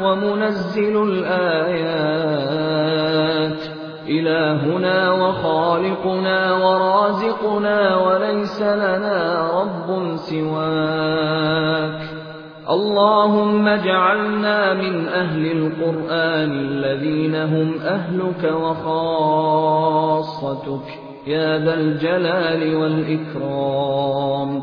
ومنزل الآيات إلهنا وخالقنا ورازقنا وليس لنا رب سواك اللهم اجعلنا من أهل القرآن الذين هم أهلك وخاصتك يا ذا الجلال والإكرام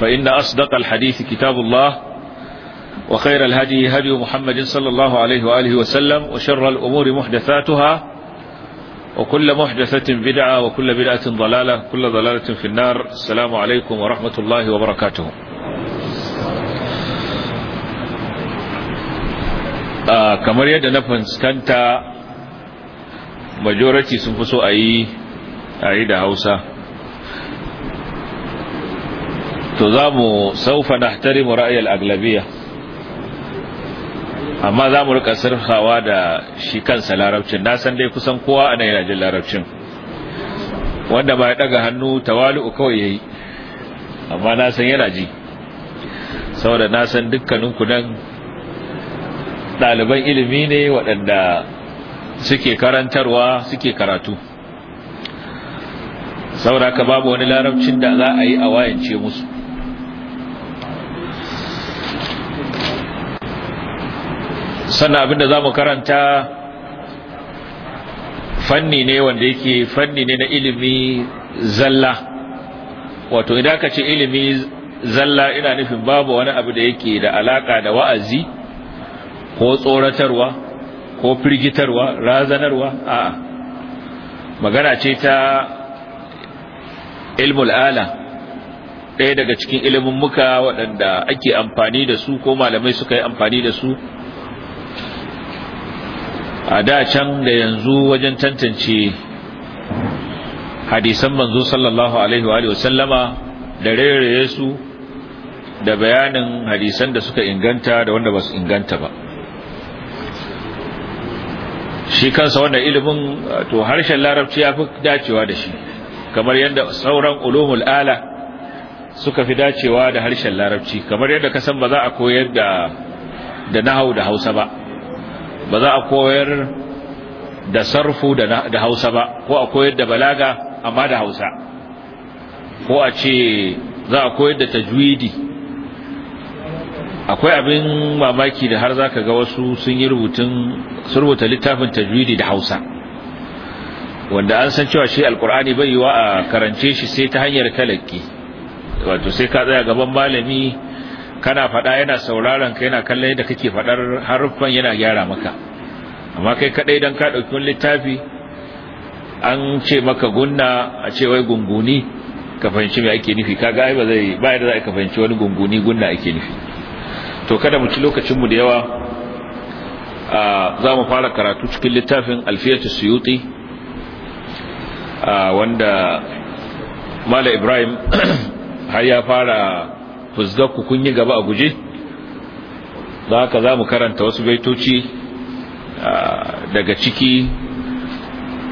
فإن أصدق الحديث كتاب الله وخير الهدي هدي محمد صلى الله عليه وآله وسلم وشر الأمور محدثاتها وكل محدثة بدعة وكل بدعة ضلالة كل ضلالة في النار السلام عليكم ورحمة الله وبركاته kamar yadda na fuskanta majority sun fi so a yi da hausa to za mu saufa na mu ra'ayar aglabiya amma za mu rika sarhawa da shi kansa larabcin na san dai kusan kowa a nan yana jin larabcin wanda ba ya daga hannu tawali'u kawai ya yi amma na san yana ji saboda na san dukkaninku nan ɗaliban ilimi ne waɗanda suke karantarwa suke karatu saboda ka babu wani larabcin da za a yi a wayance musu sannan abinda za mu karanta fanni ne wanda yake fanni ne na ilimi zalla wato idan ka ce ilimi zalla ina nufin babu wani abu da yake da alaka da wa'azi ko tsoratarwa ko firgitarwa razanarwa a'a magana ce ta ilmul ala ɗaya daga cikin ilimin muka waɗanda ake amfani da su ko malamai suka yi amfani da su a da can da yanzu wajen tantance hadisan manzo sallallahu alaihi wa sallama da rairaye su da bayanin hadisan da suka inganta da wanda ba su inganta ba shi kansa wannan ilimin to harshen larabci ya fi dacewa da shi kamar yadda sauran ulumul ala suka fi dacewa da harshen larabci kamar yadda ka san ba za a koyar da da nahau da hausa ba ba za a koyar da sarfu da hausa ba ko a koyar da balaga amma da hausa ko a ce za a koyar da tajwidi akwai abin mamaki da har za ka ga wasu sun yi rubutun surbuta littafin tajwidi da hausa wanda an san cewa shi alkur'ani bai yiwa a karance shi sai ta hanyar talaki wato sai ka tsaya gaban malami kana faɗa yana sauraron ka yana kallon yadda kake faɗar haruffan yana gyara maka amma kai kaɗai don ka ɗauki wani littafi an ce maka gunna a ce wai gunguni ka fahimci mai ake nufi kaga ai ba zai ba yadda za ka fahimci wani gunguni gunna ake nufi to kada mu ci lokacin mu da yawa za mu fara karatu cikin littafin alfiyatu suyuti wanda mala ibrahim har ya fara fusgar ku kun yi gaba a guje za ka za mu karanta wasu baitoci ah, daga ciki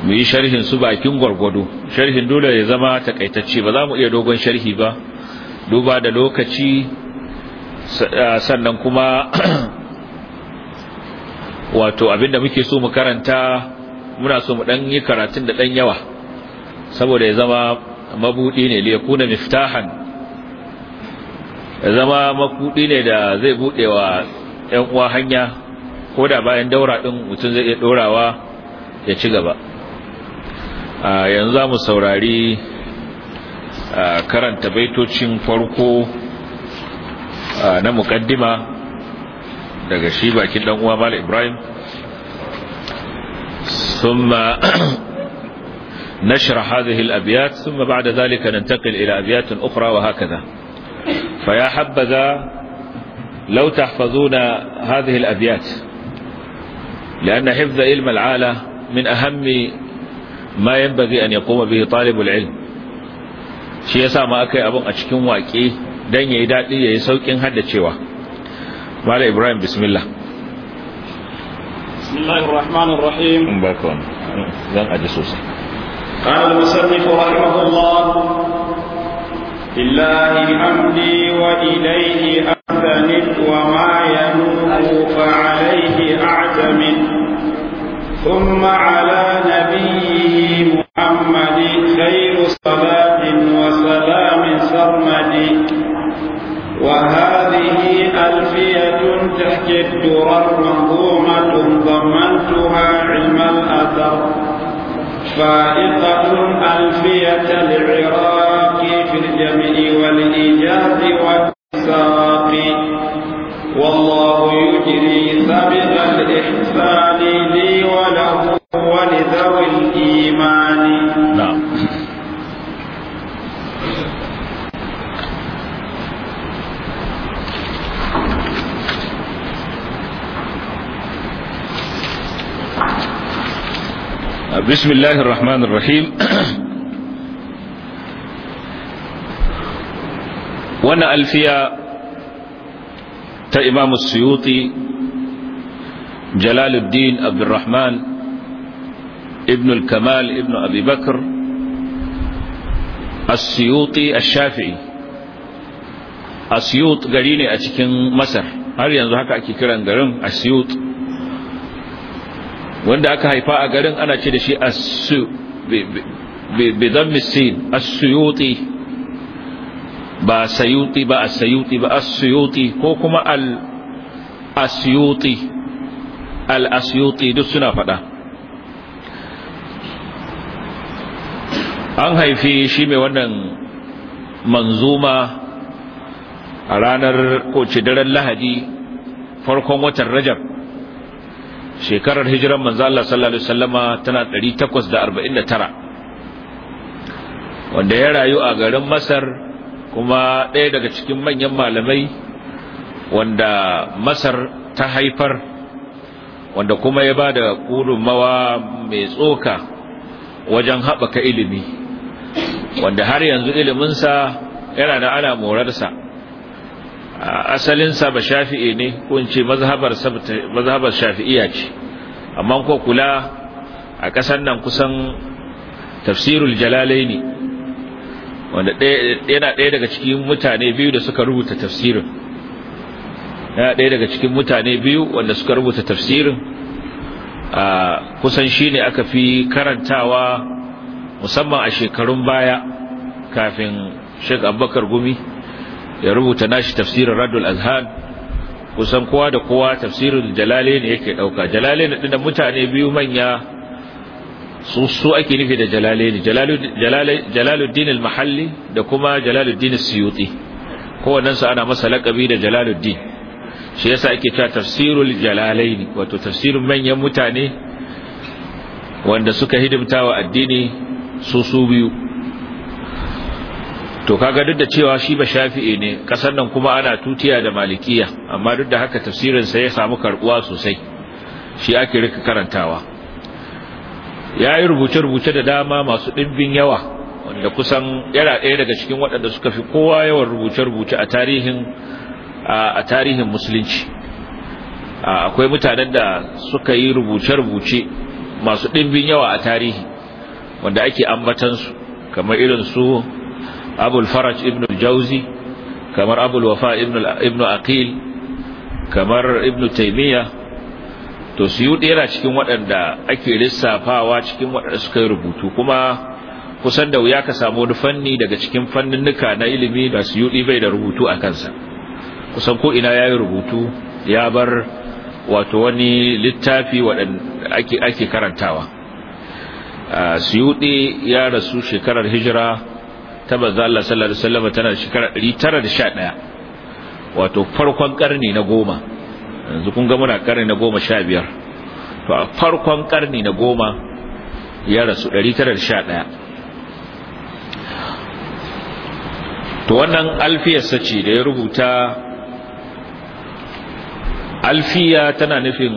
mu yi sharhin su bakin gwargwado sharhin dole ya zama takaitacce ba za mu iya dogon sharhi ba duba da lokaci ah, sannan kuma wato abinda muke so mu karanta muna so mu dan yi karatun da dan yawa saboda ya zama mabudi ne kuna miftahan zama makudi ne da zai bude wa ‘yan uwa hanya ko da bayan daura ɗin mutum zai iya ɗorawa ya ci gaba yanzu za mu saurari karanta baitocin farko na mukaddima daga shi bakin ɗan uwa mal ibrahim ثم نشرح هذه الأبيات ثم بعد ذلك ننتقل إلى أبيات أخرى وهكذا فيا حبذا لو تحفظون هذه الأبيات لأن حفظ علم العالة من أهم ما ينبغي أن يقوم به طالب العلم shi yasa ma aka yi abin a cikin waƙe don ya yi daɗi ya yi sauƙin cewa mala ibrahim bismillah bismillahir rahmanir rahim zan aji sosai لله حمدي وإليه أسند وما ينوب فعليه أعتمد ثم على نبيه محمد خير صلاة وسلام سرمد وهذه ألفية تحكي الدرر منظومة ضمنتها علم الأثر فائقة ألفية العراق في الجمع والإيجاز والساق والله يجري سبب الإحسان بسم الله الرحمن الرحيم وانا الفيا تا امام السيوطي جلال الدين عبد الرحمن ابن الكمال ابن ابي بكر السيوطي الشافعي السيوط غري ne a cikin Masar har yanzu haka ake kiran garin Asyut wanda aka haifa a garin ana ce da shi asu bi dhammi sin ba sayuti ba a ba as ko kuma al-asyuti al-asyuti duk suna fada an haifi shi mai wannan manzuma a ranar ko daren lahadi farkon watan rajab shekarar hijiran manzo Allah sallallahu alaihi wasallama tana 849 wanda ya rayu a garin Masar kuma ɗaya daga cikin manyan malamai wanda Masar ta haifar wanda kuma ya ba da mawa mai tsoka wajen haɓaka ilimi wanda har yanzu iliminsa yana da ana morarsa asalinsa ba shafi'i ne ko in ce mazhabar shafi'iya ce amma ko kula a ƙasar nan kusan tafsirul jalalai ne wanda yana ɗaya daga cikin mutane biyu da suka rubuta tafsirin yana ɗaya daga cikin mutane biyu wanda suka rubuta tafsirin a kusan shi ne aka fi karantawa musamman a shekarun baya kafin shek abubakar gumi ya rubuta nashi tafsirin radul azhan kusan kowa da kowa tafsirin ne yake dauka ne da mutane biyu manya su su ake nufi da ne jalaluddin al-mahalli da kuma jalaluddin as-suyuti kowannen su ana masa lakabi da jalaluddin shi yasa ake cewa tafsirul jalalain wato tafsirin manyan mutane wanda suka hidimta wa addini su su biyu to kaga duk da cewa shi ba shafi'i ne kasar nan kuma ana tutiya da malikiya amma duk da haka tafsirin sa ya samu karbuwa sosai shi ake rika karantawa ya yi rubuce-rubuce da dama masu ɗimbin yawa wanda kusan yana ɗaya daga cikin waɗanda suka fi kowa yawan rubuce-rubuce a tarihin a tarihin musulunci akwai mutanen da suka yi rubuce-rubuce masu ɗimbin yawa a tarihi wanda ake su kamar irin su abul faraj ibn al-jauzi kamar abul wafa ibn aqil kamar ibn taymiya to suyudi yana cikin waɗanda ake lissafawa cikin waɗanda suka yi rubutu kuma kusan da wuya ka samu wani fanni daga cikin fanninnika na ilimi da suyudi bai da rubutu a kansa kusan ko ina yayi rubutu ya bar wato wani littafi waɗanda ake ake karantawa ah, suyudi ya rasu shekarar hijira ta manzo Allah sallallahu alaihi wasallam tana da shekara 911 wato farkon karni na goma yanzu kun ga muna karni na goma sha biyar to a farkon karni na goma ya rasu 911 to wannan alfiyarsa ce da ya rubuta alfiya tana nufin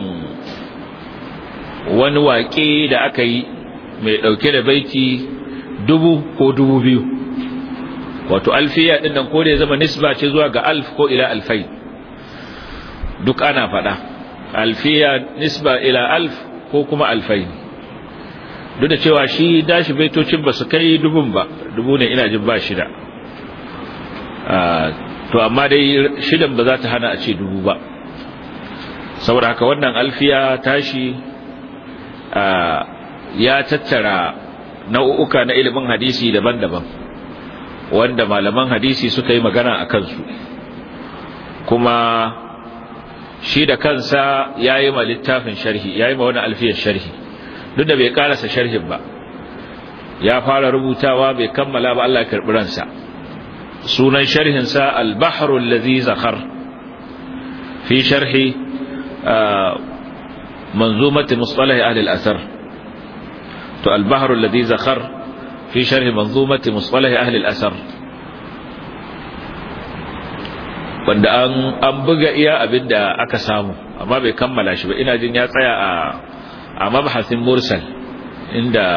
wani waƙe da aka yi mai ɗauke da baiti dubu ko dubu biyu wato alfiya din nan ko da ya zama nisba ce zuwa ga alf ko ila alfai duk ana faɗa alfiya nisba ila alf ko kuma alfai duk da cewa shi dashi baitocin ba su kai dubun ba dubu ne ina jin ba shida ah, to amma dai shidan ba za ta hana a ce dubu ba saboda haka wannan alfiya tashi ah, ya tattara nau'uka na ilimin hadisi daban-daban wanda malaman hadisi suka yi magana a kansu kuma shi da kansa ya yi ma littafin sharhi ya yi ma wani alfiyar sharhi duk da bai karasa sharhin ba ya fara rubutawa bai kammala ba Allah karɓi sunan sharhinsa al-bahrul ladhi zakhar fi sharhi منظومة مصطلح أهل الأثر تو البحر الذي زخر في شرح منظومة مصطلح أهل asar wanda an buga iya abinda aka samu amma bai kammala shi ba ina jin ya tsaya a a mabhasin mursal inda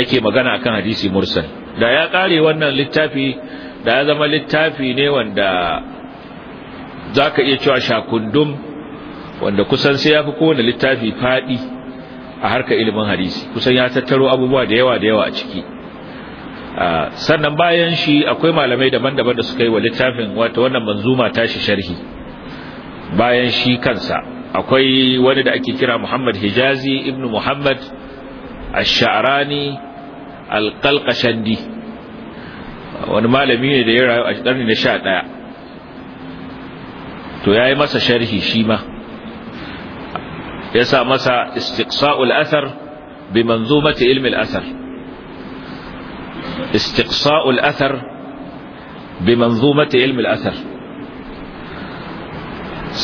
ake magana akan hadisi mursal da ya kare wannan littafi da ya zama littafi ne wanda zaka iya cewa shakundum wanda kusan sai yafi kowane littafi fadi a harkar ilimin hadisi kusan ya tattaro abubuwa da yawa da yawa a ciki Ah, sannan bayan shi akwai malamai daban-daban da suka yi wa littafin wato wannan manzuma tashi sharhi bayan shi kansa akwai wani da ake kira Muhammad Hijazi ibn Muhammad Ash-Sha'rani Al-Qalqashandi wani malami ne da ya rayu a karni na ɗaya. to yayi masa sharhi shi ma ya sa masa istiqsa'ul athar bi manzumati ilmi al-athar Istiksa'ul athar bi manzumati ilmi al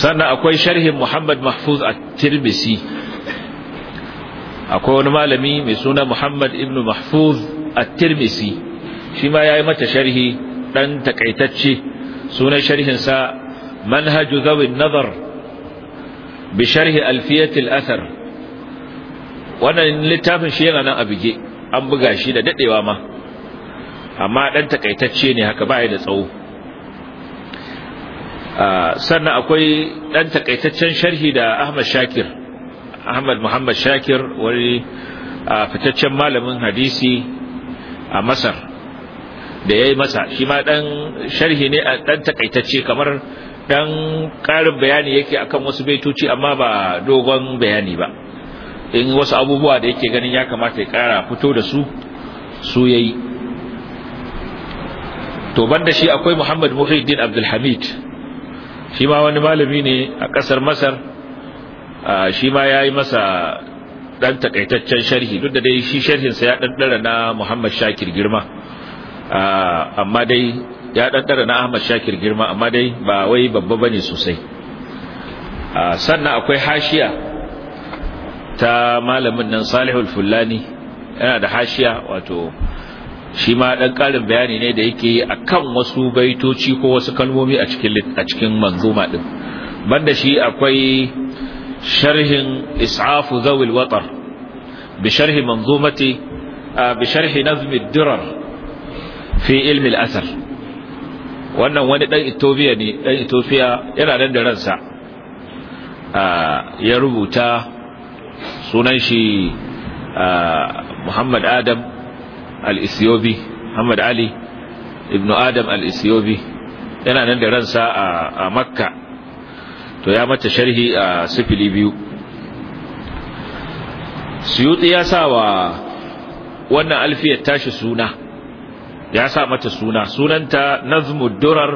sannan akwai sharhin Muhammad Mahfuz at akwai wani malami mai suna Muhammad ibn Mahfuz at Shima shi ma yayi mata sharhi ɗan takaitacce sunan sharhin sa Manhaj Zawi nazar bi sharhi alfiyat al-athar wannan littafin shi yana nan a bige an buga shi da dadewa ma amma dan takaitacce ne haka baya da tsawo sannan akwai dan takaitaccen sharhi da Ahmad Shakir Ahmad Muhammad Shakir wani fitaccen malamin hadisi a Masar da yayi masa shi ma dan sharhi ne a dan takaitacce kamar dan karin bayani yake akan wasu baitoci amma ba dogon bayani ba in wasu abubuwa da yake ganin ya kamata ya kara fito da su su yayi to banda shi akwai Muhammad Muhyiddin abdulhamid Hamid shi ma wani malami ne a ƙasar Masar shi ma yi masa ɗan taƙaitaccen sharhi duk da dai shi sharhin sa ya daddara na Muhammad Shakir girma amma dai ya daddara na Ahmad Shakir girma amma dai ba wai babba bane sosai sannan akwai hashiya ta malamin nan Salihul Fulani yana da hashiya wato shi ma ɗan karin bayani ne da yake yi akan wasu baitoci ko wasu kalmomi a cikin a ɗin. manzuma banda shi akwai sharhin is'afu zawil watar bi sharhi manzumati bi sharhi durar fi ilm al wannan wani ɗan Itofiya ne yana nan da ransa ya rubuta sunan shi Muhammad Adam al-Isyobi Muhammad Ali ibn Adam al-Isyobi yana nan da ransa a Makka to ya mata sharhi a sifili biyu Suyuti ya sa wa wannan alfiyar tashi suna ya sa mata suna sunanta Nazmud Durar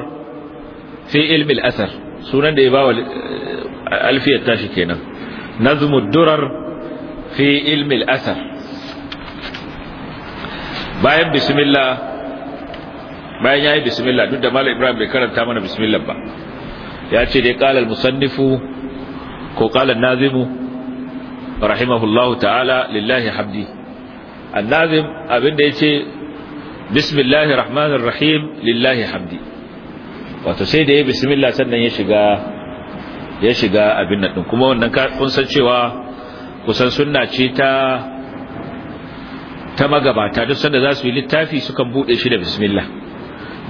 fi ilmi al-athar sunan da ya ba wa eh, alfiyar tashi kenan Nazmudurar Durar fi ilmi al-athar bayan bismillah bayan yayi bismillah duk da malam ibrahim bai karanta mana bismillah ba ya ce dai qala al musannifu ko qala nazimu rahimahullahu ta'ala lillahi hamdi an nazim abinda yace bismillahir rahmanir rahim lillahi hamdi wato sai da yayi bismillah sannan ya shiga ya shiga abin nan kuma wannan kun san cewa kusan sunna ce ta ta magabata duk sanda za su yi littafi sukan buɗe shi da bismillah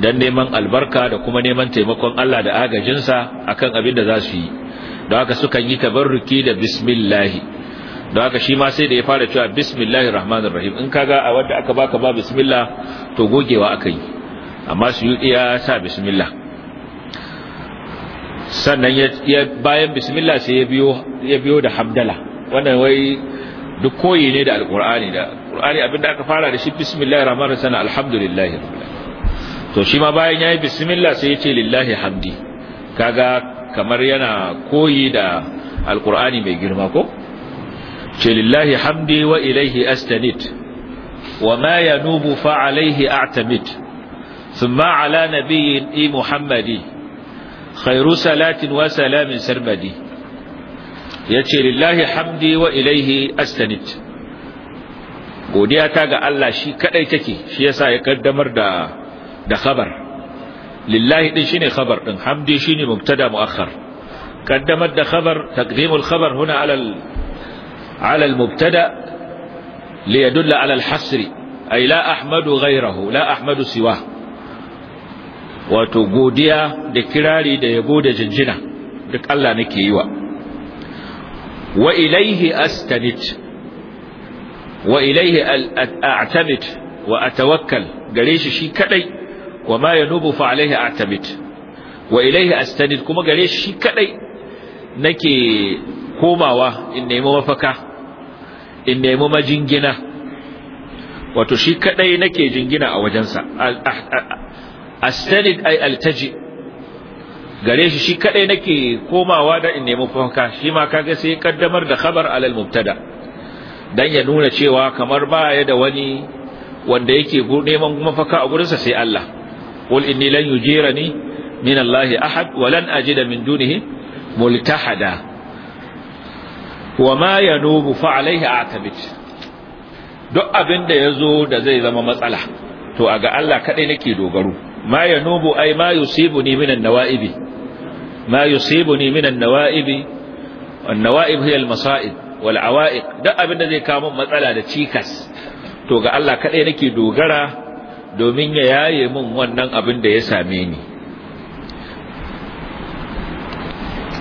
don neman albarka da kuma neman taimakon Allah da agajinsa akan abin da za su yi don haka sukan yi tabarruki da bismillahi don haka shi ma sai da ya fara cewa bismillahir rahmanir rahim in kaga a wanda aka baka ba bismillah to gogewa aka yi amma su yi ya sa bismillah sannan ya bayan bismillah sai ya biyo ya biyo da hamdala wannan wai duk koyi ne da alqur'ani da abin da aka fara da shi bismillahir rahmanir rahim alhamdulillahi rabbil to shi ma bayan yi bismillah sai ya ce lillahi hamdi kaga kamar yana koyi da Alƙur'ani mai girma ko ce lillahi hamdi wa ilaihi astanid wa ma yanubu fa alaihi a'tamid thumma ala nabiyyi muhammadi khairu salatin wa salamin sarmadi yace lillahi hamdi wa ilaihi godiya ta ga Allah shi kadai take shi yasa ya kaddamar da da khabar lillahi din shine khabar din hamdi shine mubtada muakhar kaddamar da khabar taqdimul khabar huna ala al ala al mubtada li yadulla ala al hasri ay la ahmadu ghayrahu la ahmadu siwa wato godiya da kirari da yabo da jinjina duk Allah nake yiwa wa wa ilaihi astanit wa ilaihi a'tabit wa atawakkal gare shi shi kadai wa ma yanubu fa alaihi a'tabit wa ilaihi kuma gare shi kadai nake komawa in nemi mafaka in nemi majingina wato shi kadai nake jingina a wajensa ah, ah, astanid ay altaji gare shi shi kadai nake komawa da in nemi mafaka shi ma kaga sai kaddamar da khabar alal mubtada' dan ya nuna cewa kamar baya da wani wanda yake neman mafaka a gurinsa sai Allah qul inni lan yujirani min Allah ahad wa lan ajida min dunihi multahada wa ma yanubu fa alaihi a'tabit duk abin da yazo da zai zama matsala to a ga Allah kadai nake dogaro ma yanubu ai ma yusibuni minan nawaibi ma yusibuni minan nawaibi an nawaib hiya al masa'ib wal duk abin da zai kawo min matsala da cikas to ga Allah kaɗai nake dogara domin ya yaye min wannan abin da ya same ni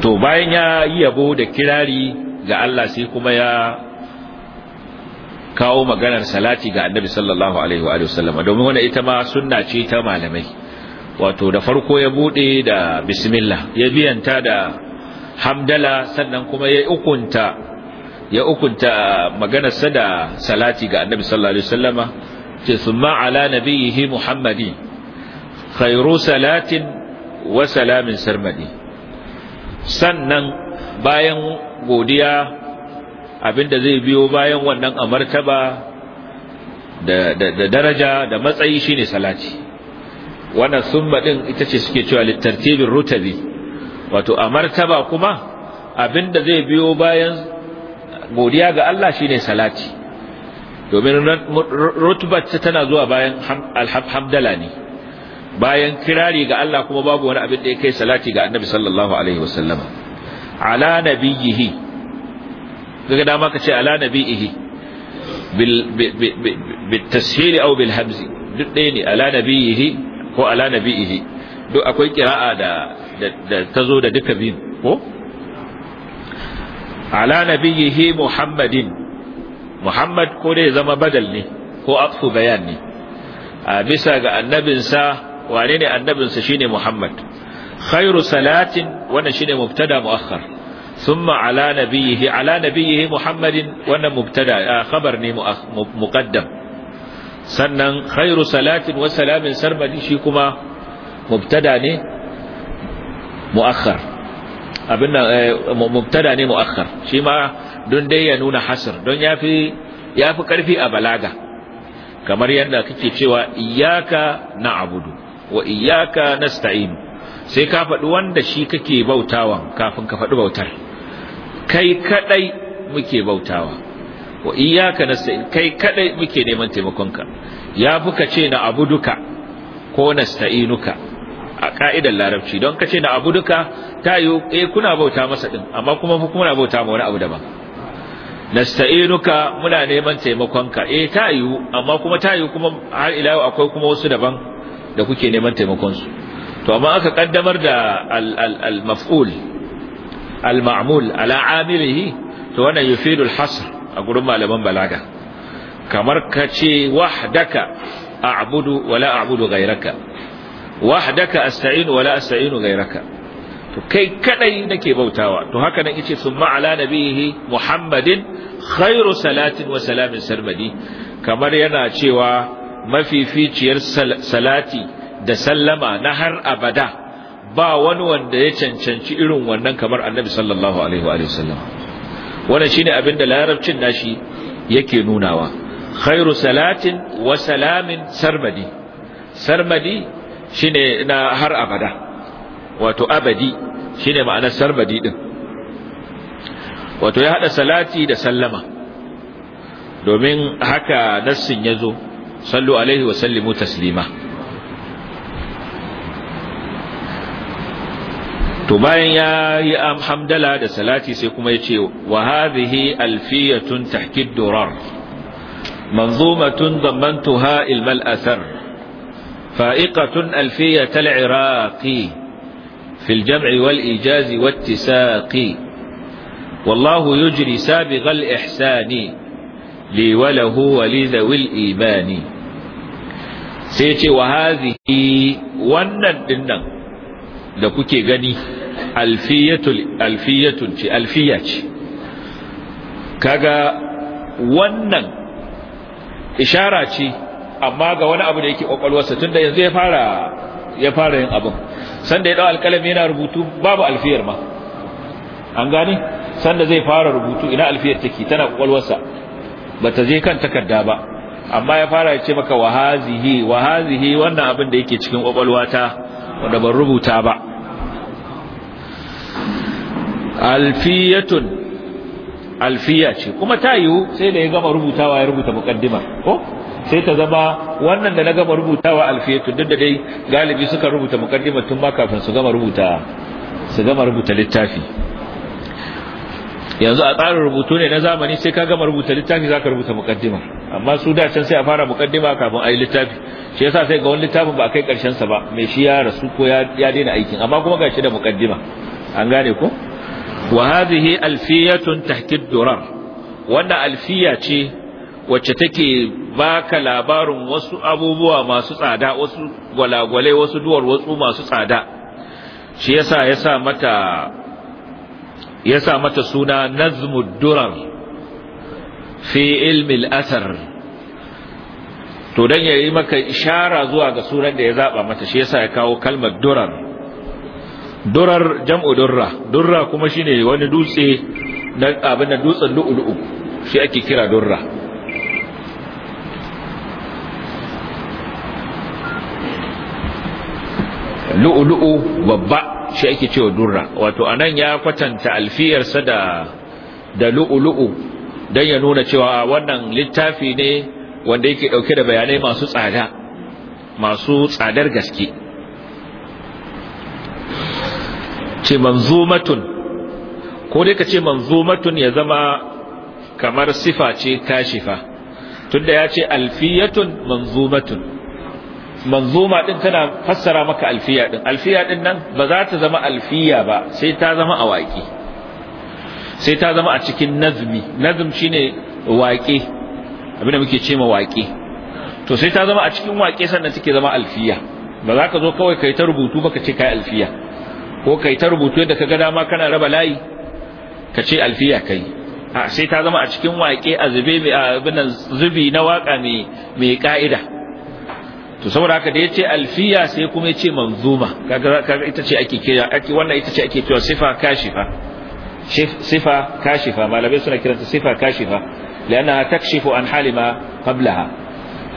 to bayan ya yi yabo da kirari ga Allah sai kuma ya kawo maganar salati ga annabi sallallahu alaihi wa sallama domin wannan ita ma sunna ce ta malamai wato da farko ya bude da bismillah ya biyanta da hamdala sannan kuma ya ukunta ya ukunta sa da salati ga annabi sallallahu alaihi wasallama ce summa ala nabiyhi muhammadin khairu salatin wa salamin sarmadi sannan bayan godiya abinda zai biyo bayan wannan amartaba, martaba da, da daraja da matsayi shine salati wannan summa din ita ce suke cewa littartibin rutabi wato amartaba martaba kuma abinda zai biyo bayan godiya ga Allah shine salati domin rutubar tana zuwa bayan alhamdala ne bayan kirari ga Allah kuma babu wani abin da ya kai salati ga annabi sallallahu alaihi wasallam ala nabiyhi daga dama ka ce ala nabiyhi bil bit tashil aw bil hamz duk ɗaya ne ala nabiyhi ko ala nabiyhi duk akwai kira'a da ta zo da duka biyu ko ala nabiyhi muhammadin muhammad ko dai zama badal ne ko aqfu bayan ne a bisa ga annabinsa wane ne annabinsa shine muhammad khairu salatin wannan shine mubtada muakhar thumma ala nabiyhi ala nabiyhi muhammadin wannan mubtada khabar ne muqaddam sannan khairu salatin wa salamin sarmadi shi kuma mubtada ne muakhar abin nan eh, mubtada ne muakhar shi ma don dai ya nuna hasr don yafi yafi karfi a balaga kamar yadda kake cewa iyyaka na'budu wa iyyaka nasta'in sai ka faɗi wanda shi kake bautawa kafin ka faɗi bautar kai kadai muke bautawa wa iyyaka nasta'in kai kadai muke neman taimakonka yafi ka ce na ko nasta'inuka a ka'idar larabci don kace na abu duka ta yi eh kuna bauta masa din amma kuma mu kuna bauta ma wani abu daban nasta'inuka muna neman taimakonka eh ta yi amma kuma ta yi kuma har ila yau akwai kuma wasu daban da kuke neman taimakon su to amma aka kaddamar da al maf'ul al ma'mul ala amilihi to wannan yufidu al hasr a gurin malaman balaga kamar kace wahdaka a'budu wala a'budu ghayraka wahdaka asta'inu wala asta'inu ghayraka to kai kadai nake bautawa to haka nan yace summa ala nabihi muhammadin khairu salatin wa salamin sarmadi kamar yana cewa mafificiyar salati da sallama na har abada ba wani wanda ya cancanci irin wannan kamar annabi sallallahu alaihi wa sallam wannan shine abin da larabcin nashi yake nunawa khairu salatin wa salamin sarmadi sarmadi shine na har abada wato abadi shine ma'anar sarbadi din wato ya hada salati da sallama domin haka nassin yazo sallu alaihi wa sallimu taslima to bayan ya yi hamdala da salati sai kuma ya ce wa hadhihi alfiyatun tahkid durar manzumatun ha ilmal asar فائقة ألفية العراق في الجمع والإيجاز والتساق والله يجري سابغ الإحسان لي وله ولذوي الإيمان سيتي وهذه ونن دنن لكوكي غني ألفية ألفية ألفية alfiya ونن إشارة amma ga wani abu da yake kwakwalwarsa tunda yanzu ya fara ya fara yin abin sanda ya dau alkalami yana rubutu babu alfiyar ma an gane sanda zai fara rubutu ina alfiyar take tana ba bata je kan takarda ba amma ya fara ya ce maka wahazihi wahazihi wannan abin da yake cikin kwakwalwata wanda ban rubuta ba alfiyatun alfiya ce kuma ta yiwu sai da ya gama rubutawa ya rubuta muqaddima ko sai ta zama wannan da na gama rubutawa alfiyatu duk da dai galibi suka rubuta mukaddimar tun ma kafin su gama rubuta su gama rubuta littafi yanzu a tsarin rubutu ne na zamani sai ka gama rubuta littafi zaka rubuta mukaddima amma su da can sai a fara mukaddima kafin a yi littafi shi yasa sai ga wani littafin ba a kai karshen sa ba mai shi ya rasu ko ya daina aikin amma kuma gashi da mukaddima an gane ko wa hadhihi alfiyatun tahtid durar wannan alfiya ce wacce take baka labarin wasu abubuwa masu tsada wasu gwalagwale wasu duwar wasu masu tsada shi yasa yasa mata yasa mata suna nazmud durar fi ilmi al-athar to dan yayi maka ishara zuwa ga sunan da ya zaba mata shi yasa ya kawo kalmar durar durar jam'u durra durra kuma shine wani dutse na abin da dutsen lu'ulu'u shi ake kira durra lu'ulu'u babba shi ake cewa durra wato anan ya kwatanta alfiyarsa da da lu'ulu'u dan ya nuna cewa wannan littafi ne wanda yake dauke da bayanai masu tsada masu tsadar gaske ce manzumatun ko dai ka ce manzumatun ya zama kamar sifa ce kashifa tunda ya ce alfiyatun manzumatun manzuma din tana fassara maka alfiya din alfiya din nan ba za ta zama alfiya ba sai ta zama a waƙe sai ta zama a cikin nazmi nazm shine waƙe abinda muke ce ma waƙe to sai ta zama a cikin waƙe sannan take zama alfiya ba za ka zo kawai kai ta rubutu ba ka ce kai alfiya ko kai ta rubutu yadda ka ga dama kana raba layi ka ce alfiya kai a sai ta zama a cikin waƙe a zube mai zubi na waƙa mai mai ka'ida to saboda haka da yace alfiya sai kuma yace manzuma kaga kaga ita ce ake kira ake wannan ita ce ake cewa sifa kashifa sifa kashifa malamai suna kiranta sifa kashifa lianna takshifu an halima qablaha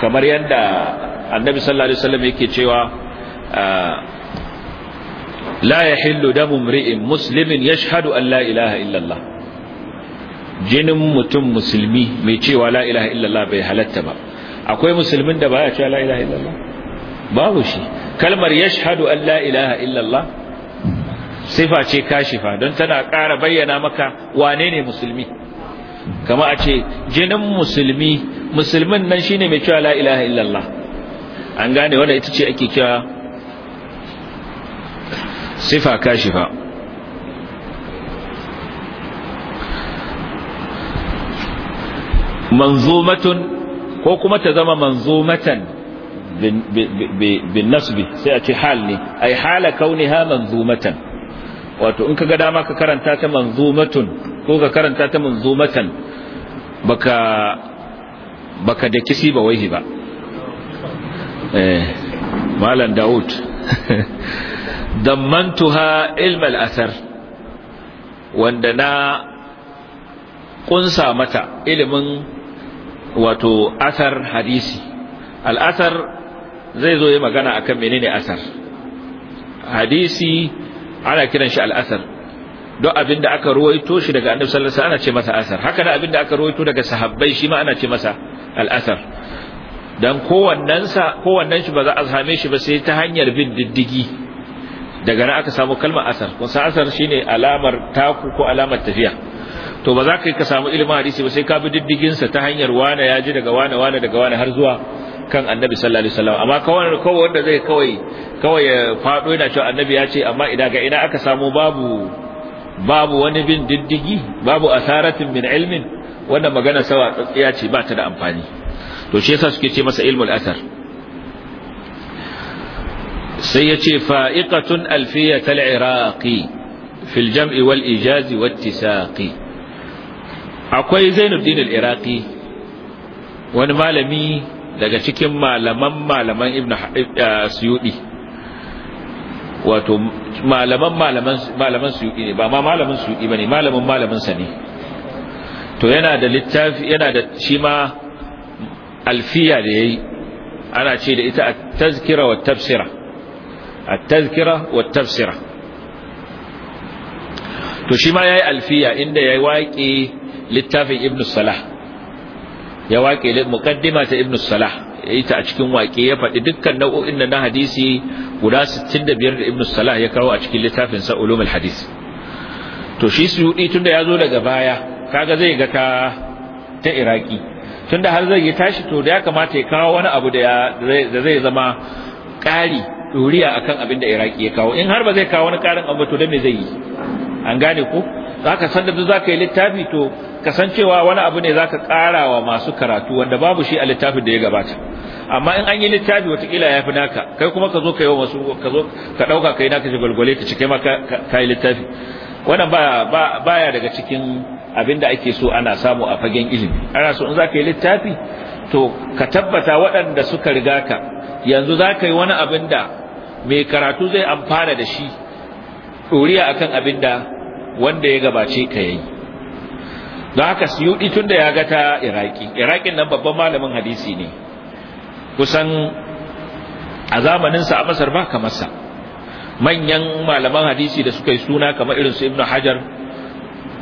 kamar yadda annabi sallallahu alaihi wasallam yake cewa لا يحل دم امرئ مسلم يشهد an la ilaha إلا jinin mutum musulmi mai cewa la ilaha illallah bai halatta ba akwai musulmin da baya cewa la ilaha illallah babu shi kalmar yashhadu an la ilaha illallah sifa ce kashifa don tana ƙara bayyana maka wane ne musulmi kama a ce jinin musulmi musulmin nan shine mai cewa la ilaha illallah an gane wanda ita ce ake cewa sifa kashifa manzumatun ko kuma ta zama manzumatan bin nasbi sai a ce hal ne ai hala kauniha manzumatan wato in ka ga dama ka karanta ta manzumatun ko ka karanta ta manzumatan baka baka da kisi ba waihi ba eh malam daud dammantuha ilmal asar wanda na kunsa mata ilimin wato asar hadisi al'asar zai zo yi magana akan menene asar hadisi ana kiran shi al'asar don abin da aka ruwaito shi daga annabi sallallahu ana ce masa asar haka da abin da aka ruwaito daga sahabbai shi ma ana ce masa al'asar dan kowannensa kowannen shi ba za a same shi ba sai ta hanyar bin diddigi daga nan aka samu kalmar asar kun san asar shine alamar taku ko alamar tafiya to ba za ka yi ka samu ilimin hadisi ba sai ka bi diddigin sa ta hanyar wane ya ji daga wane wane daga wane har zuwa kan annabi sallallahu alaihi wasallam amma kawai kawai wanda zai kawai kawai ya fado yana cewa annabi ya ce amma idan ga ina aka samu babu babu wani bin diddigi babu asaratin min ilmin wannan magana sawa tsatsiya ce ba ta da amfani to shi yasa suke ce masa ilmul asar sai ya ce fa'iqatun alfiyatal iraqi fil jam'i wal ijazi wattisaqi akwai zainuddin al-iraqi wani malami daga cikin malaman malaman ibn eh, suyudi wato malaman malaman malaman suyudi ne ba ma malamin suyudi bane malamin malamin sa ne to yana da littafi yana da shi ma alfiya da yayi ana ce da ita at-tazkira wa tafsira at-tazkira wa tafsira to shi ma yayi alfiya inda yayi waƙi littafin ibn salah ya waƙe muqaddima ta ibn salah ya ta a cikin waƙe ya faɗi dukkan nau'o'in da na hadisi guda 65 da ibn salah ya kawo a cikin littafin sa ulumul hadis to shi su yudi tunda ya zo daga baya kaga zai ga ta ta iraki tunda har zai tashi to da ya kamata ya kawo wani abu da zai zama ƙari duriya akan abin da Iraki ya kawo in har ba zai kawo wani karin abu to da me zai yi an gane ko zaka san zaka yi littafi to kasancewa wani abu ne zaka ƙara wa masu karatu wanda babu shi a littafin da ya gabata amma in an yi littafi watakila ya fi naka kai kuma ka zo ka yi wa ka zo ka ɗauka ka yi naka shi gwalgwale ka cike ma ka yi littafi wannan ba baya daga cikin abin da ake so ana samu a fagen ilimi ana so in za ka yi littafi to ka tabbata waɗanda suka riga ka yanzu za ka yi wani abin da mai karatu zai amfana da shi ɗoriya akan abin da wanda ya gabace ka yayi don haka siyudi tun da ya ga ta iraki irakin nan babban malamin hadisi ne kusan a zamaninsa a masar ba masa manyan malaman hadisi da suka yi suna kamar irin su ibnu hajar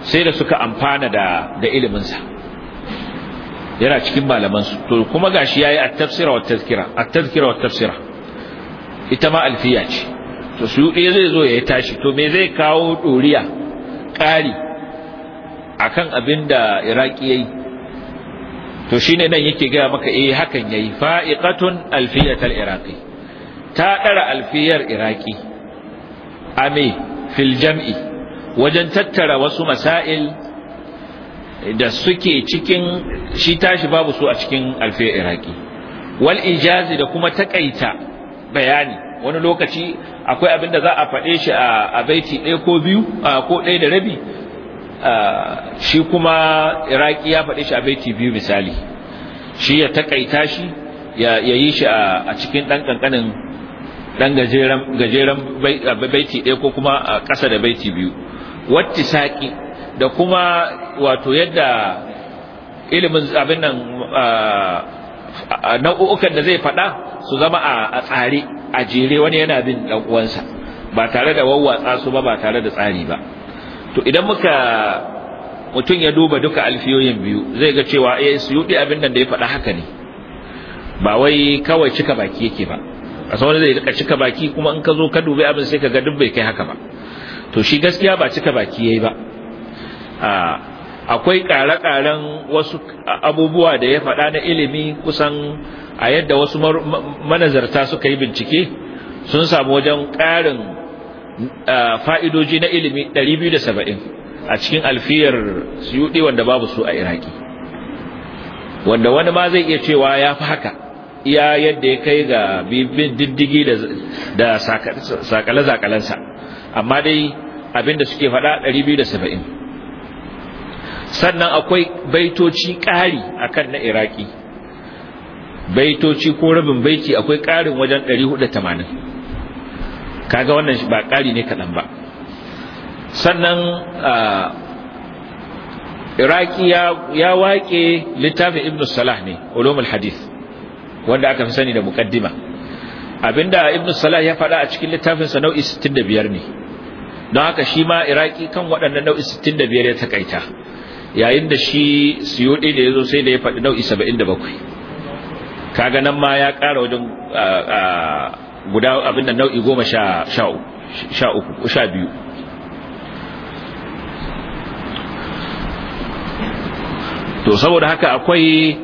sai da suka amfana da da iliminsa yana cikin malaman su to kuma gashi yayi at-tafsira wa tazkira at-tazkira wa tafsira ita ma alfiya ce to suyudi zai zo ya tashi to me zai kawo doriya ƙari akan abin da iraki yayi to shine nan yake gaya maka eh hakan yayi fa'iqatun alfiyatar Iraki ta dara alfiyar Iraki, ame fil jam'i wajen tattara wasu masail da suke cikin shi tashi babu su a cikin alfiyar Iraki, wal ijazi da kuma takaita bayani wani lokaci akwai abin da za a faɗe shi a baiti ɗaya ko biyu ko ɗaya da rabi Ah, shi kuma iraki ya faɗi shi a baiti biyu misali shi ya takaita shi ya yi shi a cikin ɗan ƙanƙanin ɗan gajeren baiti ɗaya ko kuma a ƙasa da baiti biyu wacce saƙi da kuma wato yadda ilimin abin nan ah, nau'ukan da zai faɗa su zama a tsare a jere wani yana bin ɗan uwansa ba tare da wawwatsa su ba ba tare da tsari ba to idan muka mutum ya duba duka alfiyoyin biyu zai ga cewa eh suyudi abin da ya faɗa haka ne ba wai kawai cika baki yake ba a sauran zai rika cika baki kuma in ka zo ka dubi abin sai ka ga duk bai kai haka ba to shi gaskiya ba cika baki yayi ba akwai ƙare-ƙaren wasu abubuwa da ya faɗa na ilimi kusan a yadda wasu manazarta suka yi bincike sun samu wajen ƙarin fa'idoji na ilimi 270 a cikin alfiyar suyudi wanda babu su a iraki wanda wani ma zai iya cewa ya fi haka iya yadda ya kai ga bibin diddigi da sakale-zakalensa amma dai abinda suke faɗa 270 sannan akwai baitoci ƙari a kan na iraki baitoci ko rabin baiti akwai ƙarin wajen 480 kaga wannan ba ƙari ne kaɗan ba sannan iraki ya waƙe littafin ibn salah ne ulumul hadith wanda aka fi sani da muqaddima abinda ibn salah ya faɗa a cikin littafinsa nau'i 65 ne don haka shi ma iraki kan waɗannan nau'i 65 ya takaita yayin da shi ɗaya da ya zo sai da ya faɗi nau'i 77 kaga nan ma ya ƙara wajen guda abin da nau'i goma sha uku sha biyu to saboda haka akwai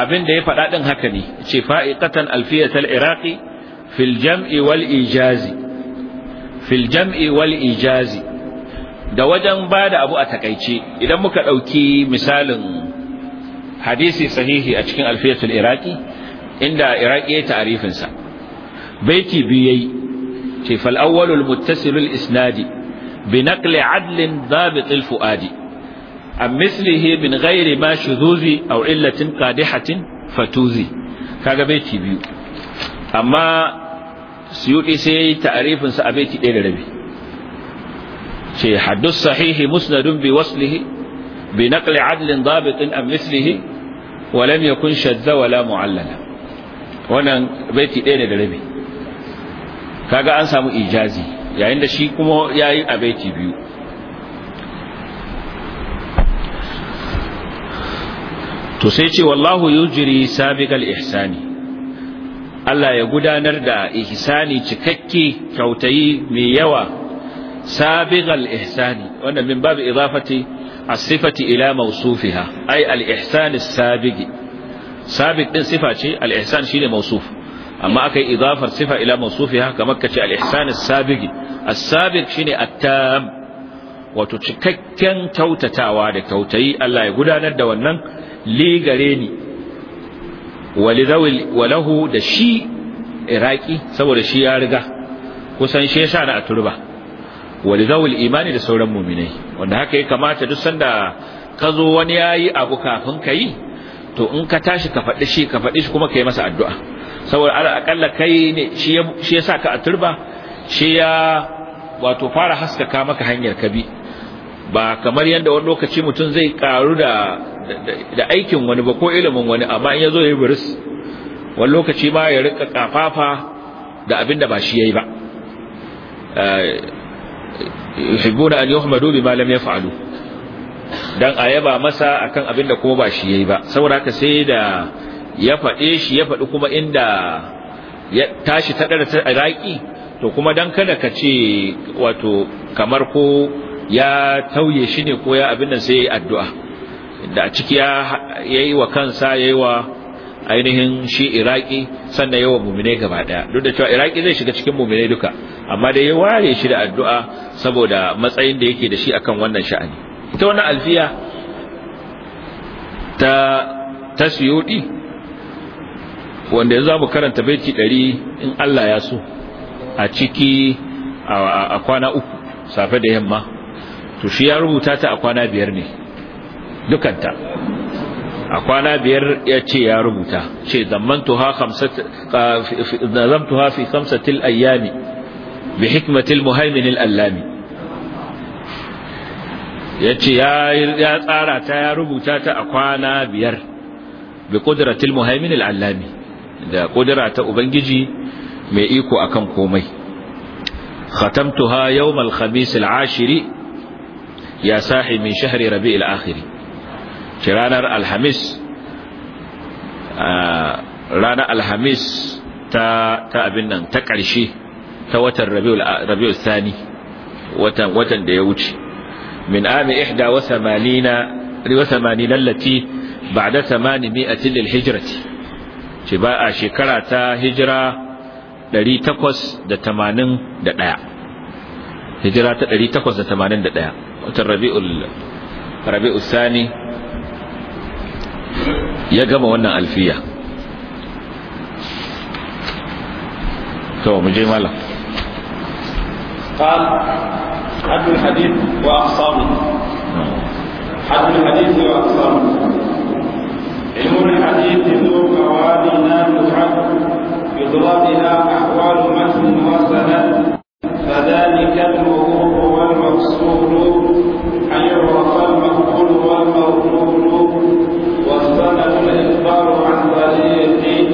abin da ya faɗa ɗin haka ne ce fa'iƙatan alfiyatar Iraki filjam'i jam'i wal ijazi wal ijazi da wajen ba da abu a takaice idan muka ɗauki misalin hadisi sahihi a cikin alfiyatul Iraki inda Iraki ya ta'arifinsa baiti biyu yayi ce fal awwalul muttasilul isnadi bi naqli adlin dhabit al fuadi am mislihi min ghairi ma shuzuzi aw illatin qadihatin fatuzi kaga baiti biyu amma suyuti sai yayi ta'rifin sa a baiti ɗaya da rabi ce haddus sahihi musnadun bi waslihi bi naqli adlin dhabitin am mislihi ولم يكن شذ ولا معللا wannan baiti ɗaya ne da rabi kaga an samu ijazi yayin da shi kuma yayi yi baiti biyu to sai ce wallahu jiri sabigal ihsani Allah ya gudanar da ihsani cikakke kyautayi mai yawa sabigal ihsani wannan min babu idafati a sifati ila mawsufiha ai al-ihsan sabigi sabig din sifa ce al-ihsan shine mausuf amma aka yi idafar sifa ila mawsufi kamar kace al-ihsan as-sabiqi as-sabiq shine at-tam wato cikakken tautatawa da tautayi Allah ya gudanar da wannan li gare ni walidawil walahu da shi iraki saboda shi ya riga kusan shi yasa na aturba turba walidawil imani da sauran mu'minai wanda haka ya kamata duk sanda ka zo wani yayi abu kafin ka to in ka tashi ka faɗi shi ka faɗi shi kuma ka masa addu'a saboda ala akalla kai ne shi ya sa ka a turba shi ya wato fara haskaka maka hanyar ka bi ba kamar yadda wani lokaci mutum zai karu da da aikin wani ba ko ilimin wani amma in yazo yayi buris wani lokaci ma ya rika kafafa da abin da ba shi yayi ba eh, yuhibbuna an bi bima lam yaf'alu dan ayaba masa akan abin da kuma ba shi yayi ba saboda haka sai da ya faɗe shi ya faɗi kuma inda ya tashi ta ɗara ta iraki to kuma dan kada ka ce wato kamar ko ya tauye shi ne ko ya abin nan sai ya yi addu'a da a ciki ya yi wa kansa ya yi wa ainihin shi iraki sannan yawa muminai gaba daya duk da cewa iraki zai shiga cikin muminai duka amma da ya ware shi da addu'a saboda matsayin da yake da shi akan wannan sha'ani ita wannan alfiya ta ta wanda yanzu mu karanta baiti 100 in Allah ya so a ciki a kwana uku safe da yamma to shi ya rubuta ta a kwana biyar ne dukanta a kwana biyar ya ce ya rubuta ce zammantuha khamsat fi khamsatil ayyami bi hikmatil muhaimin al-allami yace ya ya tsara ta ya rubuta ta a kwana biyar bi qudratil muhaimin al-allami da kudura ta ubangiji mai iko akan komai khatamtuha yawm al-khamis al-ashiri ya sahi min shahri rabi'il akhir ranar alhamis ranar alhamis ta abin nan ta ƙarshe ta watan rabi'ul sani watan watan da ya wuce min ami 81 riwa 80 allati ba'da 800 lil hijrati ce ba a shekara ta hijira 881 hijira ta 881 watan rabi'ul sani ya gama wannan alfiya mu je malam قال حد الحديث وأقسامه حد الحديث علم حديث ذو قواد نام الحق بضربها أحوال متن وسند فذلك الموضوع والمقصود اي يعرف المقبول والمرفوض والسند الإخبار عن طريق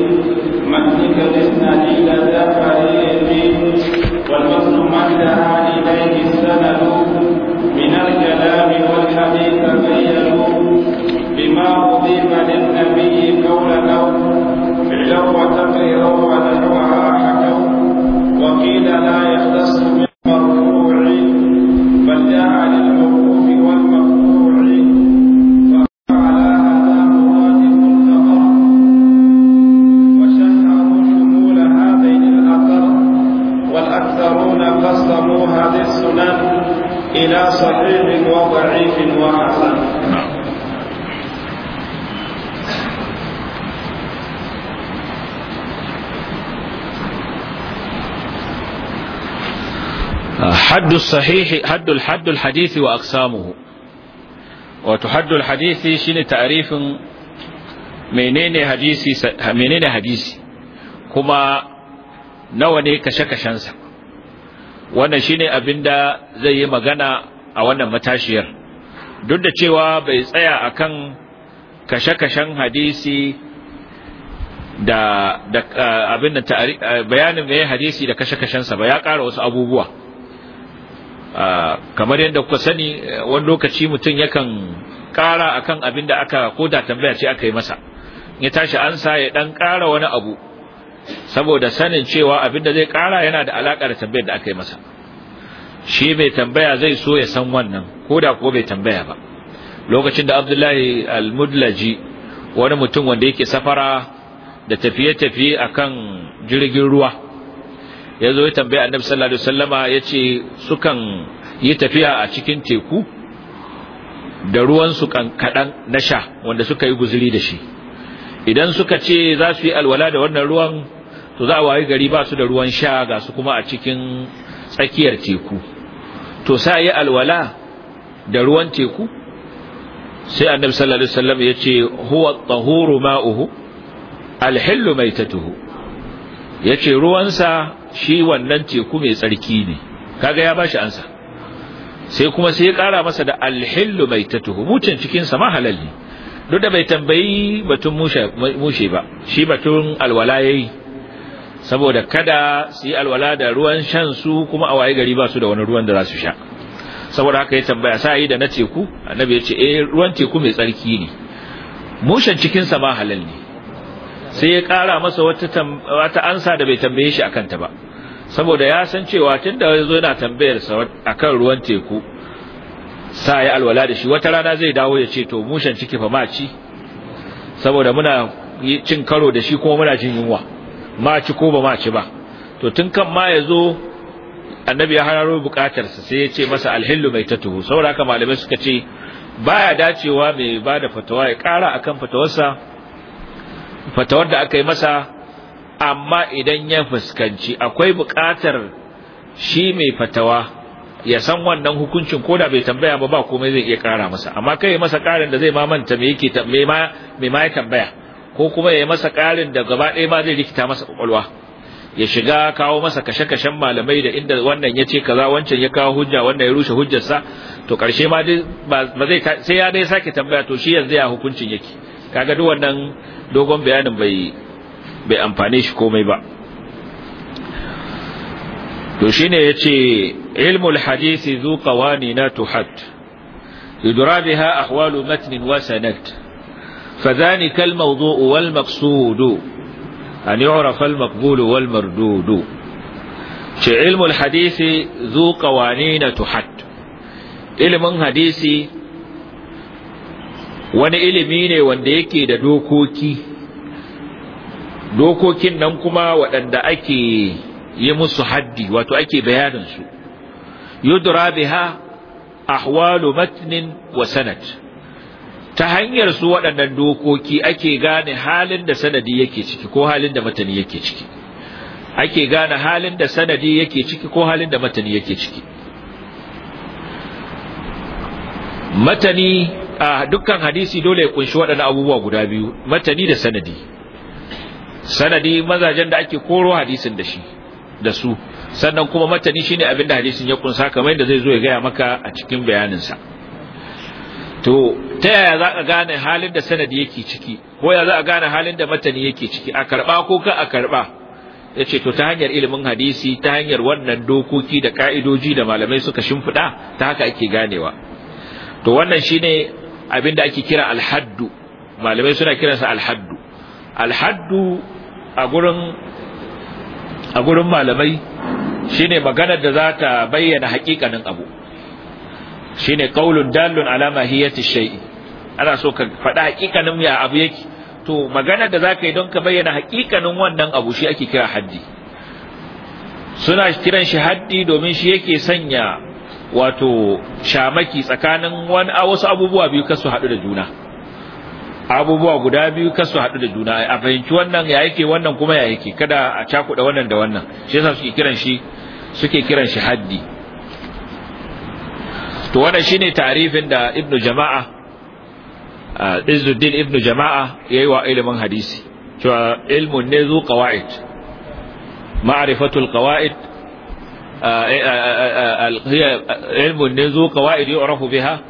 متنك الإسناد لدى فريق والمتن مدها إليه haddul haddu haddul haddul wa aksamuhu wato haddul hadisi shine ta'rifin menene hadisi kuma nawa ne kashe sa wannan shine abinda zai yi magana a wannan matashiyar duk da cewa bai tsaya akan kashe-kashen hadisi da bayanin mai hadisi da kashe-kashensa ba ya ƙara wasu abubuwa Ah, kamar yadda kuka sani eh, wani lokaci mutum yakan ƙara akan abin da aka koda tambaya ce aka yi masa ya tashi an sa ya dan kara wani abu saboda sanin cewa abin da zai ƙara yana da alaka da tambayar da aka yi masa shi mai tambaya zai so ya san wannan koda da ko bai tambaya ba lokacin da abdullahi al-mudlaji wani mutum wanda yake safara da tafiye-tafiye akan jirgin ruwa ya zo ya tambaya annabi sallallahu alaihi wasallama ya ce sukan yi tafiya a cikin teku da ruwansu kaɗan na sha wanda suka yi guzuri da shi idan suka ce za su yi alwala da wannan ruwan to za a wayi gari ba su da ruwan sha ga su kuma a cikin tsakiyar teku to sa yi alwala da ruwan teku sai annabi sallallahu alaihi wasallam ya ce huwa tahuru ma'uhu alhillu maitatuhu yace ruwansa shi wannan teku mai tsarki ne kaga ya bashi ansa sai kuma sai ya kara masa da alhillu maitatuhu mucin cikin sama ma halal duk da bai tambayi batun mushe ba shi batun alwala yayi saboda kada su yi alwala da ruwan shan su kuma a waye gari ba su da wani ruwan da za su sha saboda haka ya tambaya sa yi da na teku annabi ya ce eh ruwan teku mai tsarki ne mushen cikin sama ma halal sai ya kara masa wata ansa da bai tambaye shi akan ta ba saboda ya san cewa tun da ya zo yana tambayar sa akan ruwan teku sa ya alwala da shi wata rana zai dawo ya ce to mushen ciki fa ma ci saboda muna cin karo da shi kuma muna jin yunwa ma ci ko ba ma ci ba to tun kan ma ya zo annabi ya hararo sa sai ya ce masa alhillu mai ta tuhu saboda haka malamai suka ce baya dacewa mai bada fatawa ya kara akan fatawarsa fatawar da aka yi masa amma idan ya fuskanci akwai buƙatar shi mai fatawa ya san wannan hukuncin koda bai tambaya ba ba komai zai iya ƙara masa amma kai masa ƙarin da zai ma manta me yake me ma me ma ya tambaya ko kuma ya masa ƙarin da gaba ɗaya ma zai rikita masa ƙwaƙwalwa, ya shiga kawo masa kashe-kashen malamai da inda wannan ya ce kaza wancan ya kawo hujja wannan ya rushe hujjarsa to karshe ma dai ba zai sai ya dai sake tambaya to shi yanzu ya hukuncin yake kaga duk wannan dogon bayanin bai bai amfane shi komai ba to shine ce ilmul hadisi zu qawani na tuhad idrabiha ahwalu matn wa sanad fadhanika al mawdu'u wal maqsuudu an yu'rafa al maqbulu wal mardudu shi ilmul hadisi zu qawani na tuhad Ilimin hadisi wani ilimi ne wanda yake da dokoki dokokin nan kuma waɗanda ake yi musu haddi wato ake bayaninsu yudura biha ahwalu matnin wa sanad ta hanyar su waɗannan dokoki ake gane halin da sanadi yake ciki ko halin da matani yake ciki ake gane halin da sanadi yake ciki ko halin da matani yake ciki matani dukkan hadisi dole ya kunshi waɗannan abubuwa guda biyu matani da sanadi sanadi mazajen da ake koro hadisin da shi da su sannan kuma matani shine abin da hadisin ya kunsa kamar yadda zai zo ya gaya maka a cikin bayaninsa to ta yaya za ka gane halin da sanadi yake ciki ko ya za a gane halin da matani yake ciki a karba ko ka a karba ya ce to ta hanyar ilimin hadisi ta hanyar wannan dokoki da ka'idoji da malamai suka shimfiɗa ta haka ake ganewa to wannan shine abinda ake kira alhaddu malamai suna kiransa alhaddu alhaddu a gurin a gurin malamai shine maganar da za ta bayyana hakikanin abu shine qaulun dallun ala mahiyati shay'i ana so ka faɗa hakikanin ya abu yake to maganar da za ka yi don ka bayyana hakikanin wannan abu shi ake kira haddi suna kiran shi haddi domin shi yake sanya wato shamaki tsakanin wani wasu abubuwa biyu kasu haɗu da juna abubuwa guda biyu kasu haɗu da juna a fahimci wannan ya yake wannan kuma ya yake kada a cakuɗa wannan da wannan shi yasa suke kiran shi suke kiran shi haddi to wannan shine tarifin da ibnu jama'a izuddin ibnu jama'a yayi wa ilimin hadisi cewa ilmun ne zu qawaid ma'rifatul qawaid هي علم نزو قواعد يعرف بها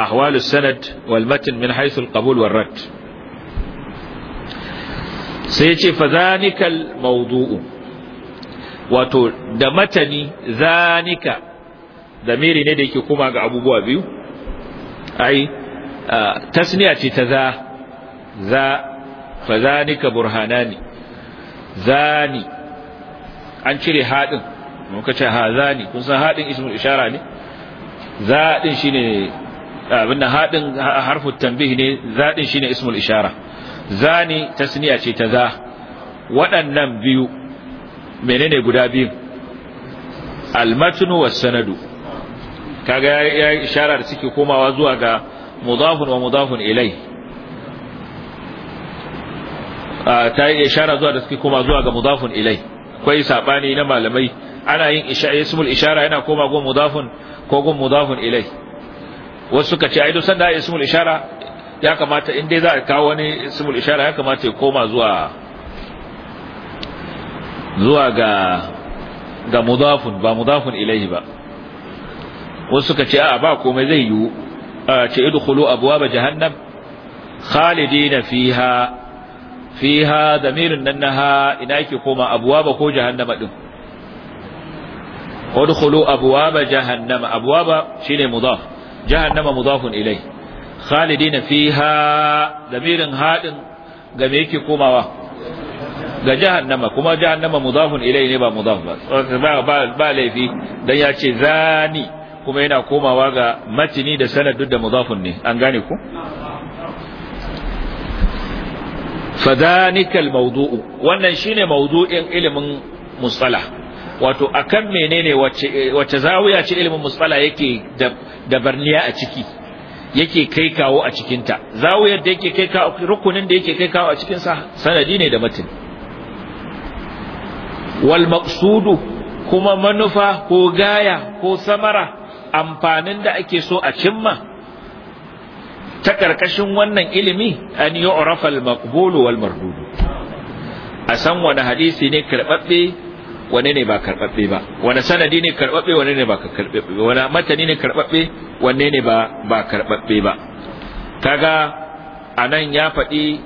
أحوال السند والمتن من حيث القبول والرد سيتي فذلك الموضوع wato da matani zanika damiri ne da yake kuma ga abubuwa biyu ai tasniya ce ta za za fa zanika burhanani zani an cire haɗin muka ce hazani kun san hadin ismul ishara ne zadin shine abin hadin harfu tanbih ne zadin shine ismul ishara zani tasniya ce ta za waɗannan biyu menene guda biyu almatnu was sanadu kaga ya ishara da suke komawa zuwa ga mudafun wa mudafun ilai ta yi ishara zuwa da suke komawa zuwa ga mudafun ilai akwai sabani na malamai ana yin ismul ishara yana koma gun mudafun ko gun mudafun ilai wasu suka ce ai duk sanda ismul ishara ya kamata in dai za a kawo wani ismul ishara ya kamata ya koma zuwa zuwa ga ga mudafun ba mudafun ilaihi ba wasu suka ce a ba komai zai yiwu ce idkhulu abwaaba jahannam khalidina fiha fiha damirin nan naha ina yake koma abwaaba ko jahannama din udkhulu abwaba jahannama abwaba shine mudaf jahannama mudafun ilai khalidina fiha damirin hadin ga me yake komawa ga jahannama kuma jahannama mudafun ilai ne ba mudaf ba ba laifi dan ya ce zani kuma yana komawa ga matini da sanad duk da mudafun ne an gane ku fadhanikal mawdu'u wannan shine mawdu'in ilimin musala. wato akan menene wacce wacce zawiya ce ilimin musala yake da barniya a ciki yake kai kawo a cikin ta zawiyar da yake kai kawo rukunin da yake kai kawo a cikin sanadi ne da mutum. wal maqsudu kuma manufa ko gaya ko samara amfanin da ake so a cimma ta karkashin wannan ilimi an yu'rafa al maqbulu wal mardudu a san wani hadisi ne karbabbe wane ne ba karɓaɓɓe ba wane sanadi ne karɓaɓɓe wane ne ba karɓaɓɓe ba wane matani ne karɓaɓɓe wane ne ba ba karɓaɓɓe ba kaga anan ya faɗi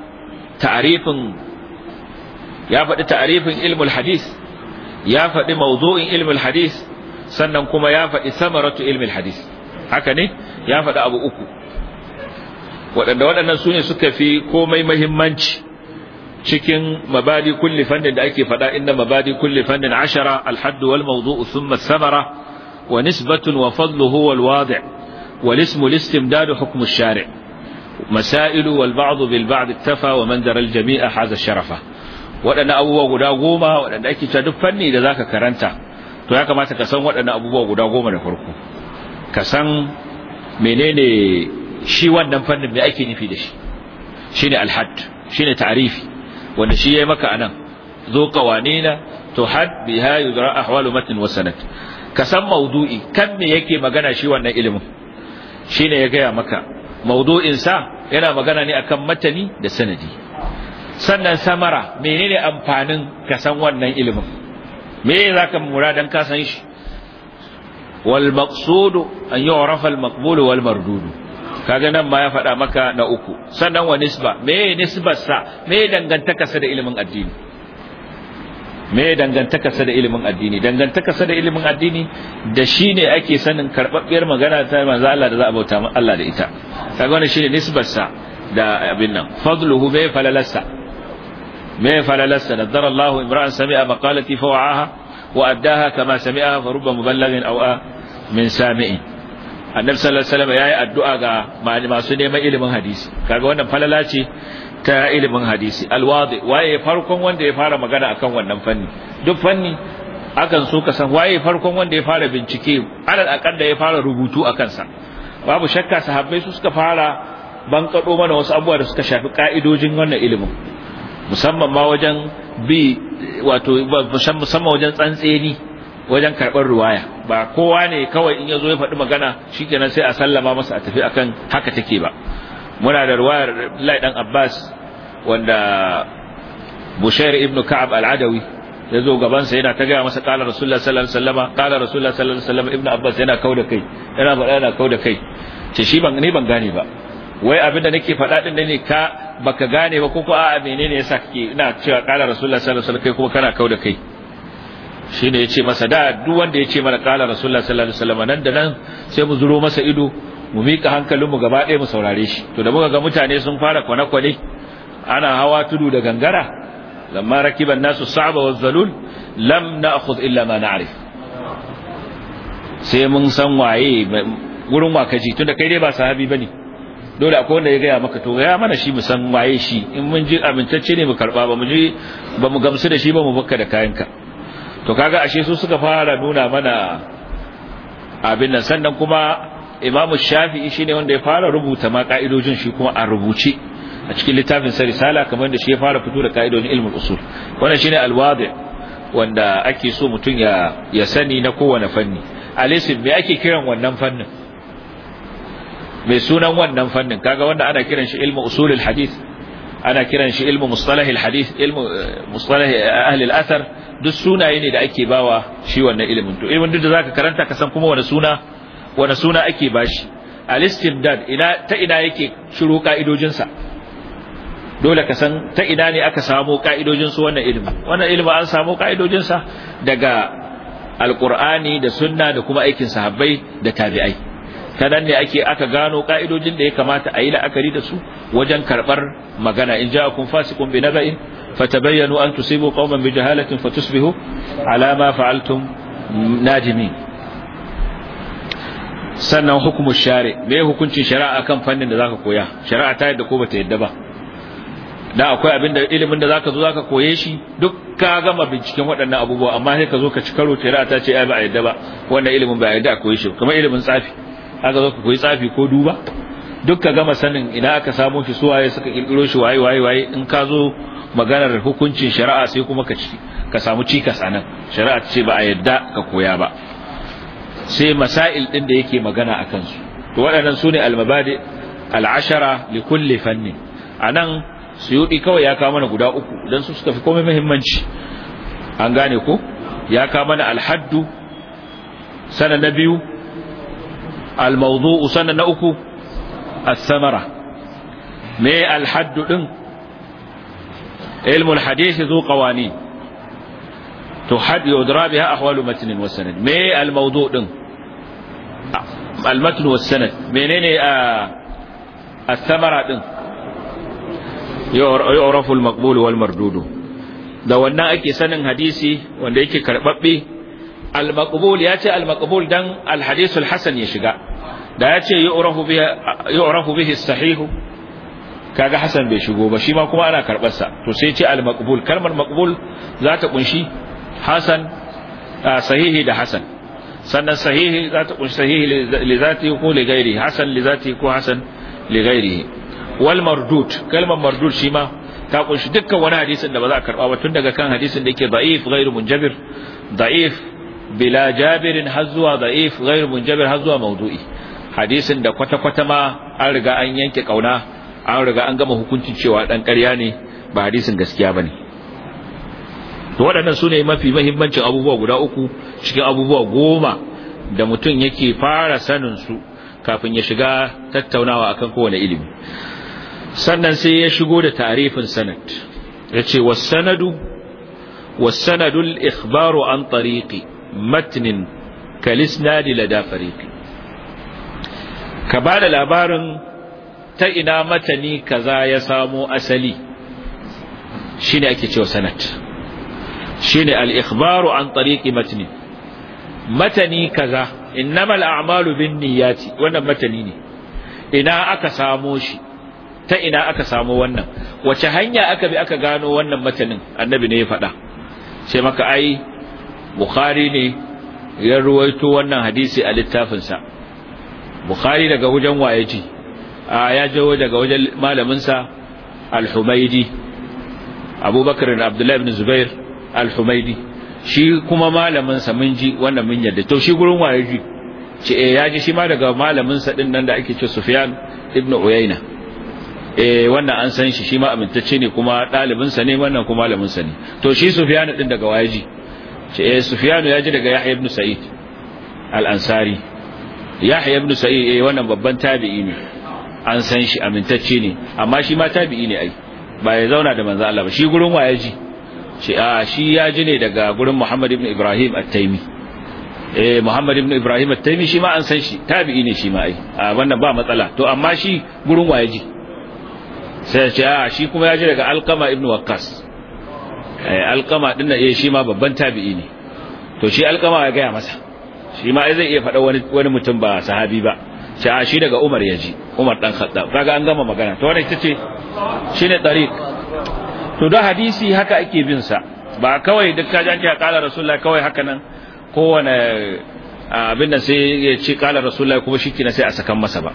ta'arifin ya faɗi ta'arifin ilmul hadis ya faɗi mawdu'in ilmul hadis sannan kuma ya faɗi samaratu ilmul hadis haka ne ya faɗi abu uku waɗanda waɗannan su ne suka fi komai muhimmanci. cikin mabadi kulli fannin da ake faɗa inda mabadi kulli fannin ashara alhaddu wal mawdu'u thumma samara wa nisbatun wa fadluhu wal wadi' wal ismu listimdadu hukmu shari' مسائل والبعض بالبعض wa man درى الجميع حاز sharafa. waɗannan abubuwa guda goma waɗanda ake cewa duk fanni da zaka karanta to ya kamata ka san waɗannan abubuwa guda goma da farko ka san menene shi wannan fannin me ake nufi da shi shine alhad shine ta'rifi wanda shi yi maka anan zo qawanina tuhad biha yudra ahwalu matn wa sanad ka san maudu'i kan me yake magana shi wannan ilimin shine ya gaya maka maudu'in sa yana magana ne akan matani da sanadi sannan samara menene amfanin ka san wannan ilimin me zaka mura dan ka san shi wal maqsudu an yu'rafa al maqbul wal mardud kaga nan ma ya faɗa maka na uku sannan wa nisba me nisbarsa me sa da ilimin addini me sa da ilimin addini sa da ilimin addini da shi ne ake sanin karɓaɓɓiyar magana ta manzo Allah da za a bauta Allah da ita kaga wannan shine nisbarsa da abin nan fadluhu me falalasa me falalasa nadara Allah imra'an sami'a maqalati fawa'aha wa addaha kama sami'a fa rubba muballighin aw min sami'in annabi sallallahu alaihi wasallam yayi addu'a ga masu neman ilimin hadisi kaga wannan falala ce ta ilimin hadisi alwadi waye farkon wanda ya fara magana akan wannan fanni duk fanni akan so ka san waye farkon wanda ya fara bincike alal aqalla ya fara rubutu akan sa babu shakka sahabbai su suka fara bankado mana wasu abubuwa da suka shafi ka'idojin wannan ilimin musamman ma wajen bi wato musamman wajen tsantseni wajen karɓar ruwaya ba kowa ne kawai in ya zo ya faɗi magana shi shikenan sai a sallama masa a tafi akan haka take ba muna da ruwayar Abdullahi dan Abbas wanda Bushair ibn Ka'ab al-Adawi ya zo gaban sa yana ta gaya masa qala rasulullah sallallahu alaihi wasallam qala rasulullah sallallahu alaihi wasallam ibn Abbas yana kauda kai yana faɗa yana kauda kai ce shi ban ni ban gane ba wai abinda nake faɗa din ne ka baka gane ba ko ko a'a menene yasa kake ina cewa qala rasulullah sallallahu alaihi wasallam kai kuma kana kauda kai shine yace masa da duk wanda yace mana kala rasulullahi sallallahu alaihi wasallam nan da nan sai mu zuro masa ido mu mika hankalin mu gaba ɗaya mu saurare shi to da muka ga mutane sun fara kwane kwane ana hawa tudu da gangara lamma rakiban nasu sa'ba wa zalul lam na'khudh illa ma na'rif sai mun san waye wurin tun tunda kai dai ba sahabi bane dole akwai wanda ya gaya maka to gaya mana shi mu san waye shi in mun ji amintacce ne mu karba ba mu ji ba mu gamsu da shi ba mu bakka da kayanka to kaga ashe su suka fara nuna mana abin nan sannan kuma imamu shafi'i ne wanda ya fara rubuta ma ka'idojin shi kuma a rubuce a cikin littafin sa risala kamar da shi ya fara fito da ka'idojin ilmul usul wannan shine alwadi wanda ake so mutum ya ya sani na kowane fanni alisim me ake kiran wannan fannin mai sunan wannan fannin kaga wanda ana kiran shi ilmu usulul hadith ana kiran shi ilmu mustalahil hadith ilmu eh, mustalahi eh, ahli al-athar duk sunaye ne da ake bawa shi wannan ilimin to ilimin duk da zaka karanta ka san kuma wani suna wani suna ake bashi al-istibdad ina ta ina yake shiru ka'idojin sa dole ka san ta ina ne aka samu ka'idojin su wannan ilimin wannan ilimin an samu ka'idojin sa daga alqur'ani da sunna da kuma aikin sahabbai da tabi'ai ta nan ne ake aka gano ka'idojin da ya kamata a yi la'akari da su wajen karɓar magana in fasi kun bi naba'in fatabayyanu an tusibu qauman bi jahalatin fatusbihu ala ma fa'altum najimi. sannan hukumu share me hukuncin shari'a kan fannin da zaka koya shari'a ta yadda ko bata yadda ba da akwai abin da ilimin da zaka zo zaka koye shi duk ka gama binciken waɗannan abubuwa amma sai ka zo ka ci karo shari'a ta ce ai ba a yadda ba wannan ilimin ba a yadda a koye shi kamar ilimin tsafi aka zo ka koyi tsafi ko duba duk ka gama sanin ina aka samo shi su suka kirkiro shi waye waye waye in ka zo maganar hukuncin shari'a sai kuma ka ci ka samu cikas anan shari'a ce ba a yadda ka koya ba sai masail din da yake magana a kansu to waɗannan sune almabadi al'ashara li kulli fanni anan suyudi kawai ya kawo mana guda uku dan su suka fi komai muhimmanci an gane ko ya kawo mana alhaddu sana na biyu al-mawdu'u sannan na uku as me al din ilmul hadith zu qawani to hadd yudra biha ahwalu matn me al din al-matn menene as-samara din yu'rafu da wannan ake sanin hadisi wanda yake karbabbe al-maqbul ya ce al-maqbul dan al ya shiga da ya ce yi urahu bihi as kaga hasan bai shigo ba shi ma kuma ana karbar sa to sai ce al-maqbul kalmar maqbul za ta kunshi hasan sahihi da hasan sannan sahihi za ta kunshi sahihi li zati ko li ghairi hasan li zati ko hasan li ghairi wal mardud kalmar mardud shi ma ta kunshi dukkan wani hadisin da ba za a karba ba tun daga kan hadisin da yake da'if ghairu munjabir da'if bila jabirin har zuwa da'if ghairu munjabir har zuwa mawdu'i hadisin da kwata kwata ma an riga an yanke kauna an riga an gama hukuncin cewa dan ƙarya ne ba hadisin gaskiya bane to waɗannan sune mafi muhimmancin abubuwa guda uku cikin abubuwa goma da mutum yake fara sanin su kafin ya shiga tattaunawa akan kowane ilimi sannan sai ya shigo da tarifin sanad yace was sanadu was sanadul ikhbaru an tariqi matnin kalisnadi lada fariki ka ba da labarin ta ina matani kaza ya samo asali shine ake cewa sanat? shine al-ikhbaru an tariqi matni matani kaza innamal a'malu binniyati wannan matani ne ina aka samo shi ta ina aka samo wannan wace hanya aka bi aka gano wannan matanin annabi ne ya faɗa ce maka ai bukhari ne ya ruwaito wannan hadisi a littafinsa bukhari daga wajen wayaji a ya jawo daga wajen malaminsa al-humaidi abubakar abdullahi ibn zubair al-humaidi shi kuma malaminsa mun ji wannan mun yadda to shi gurin wayaji ce eh ya ji shi ma daga malaminsa din nan da ake ce sufyan ibn uyayna eh wannan an san shi shi ma amintacce ne kuma ɗalibinsa ne wannan kuma malaminsa ne to shi sufyan din daga wayaji ce eh sufyanu ya ji daga yahya ibn sa'id al-ansari yahya ibn sa'id eh wannan babban tabi'i ne an san shi amintacce ne amma shi ma tabi'i ne ai ba ya zauna da manzo Allah ba shi gurin waye ji ce a shi ya ji ne daga gurin Muhammad ibn Ibrahim at taymi eh Muhammad ibn Ibrahim at taymi shi ma an san shi tabi'i ne shi ma ai a wannan ba matsala to amma shi gurin waye ji sai ce a shi kuma ya ji daga Alqama ibn Waqqas Eh, alqama din da eh, shi ma babban tabi'i ne to shi alƙama ya gaya masa shi ma zai iya faɗa wani wani mutum ba sahabi ba shi a ah, shi daga Umar yaji Umar dan Khattab kaga an gama magana to wannan tace ne tariq to da hadisi haka ake bin sa ba kawai duk ka an a kala rasulullah kawai haka nan kowane ah, abin da sai ya ce kala rasulullah kuma shi kina sai a sakan masa ba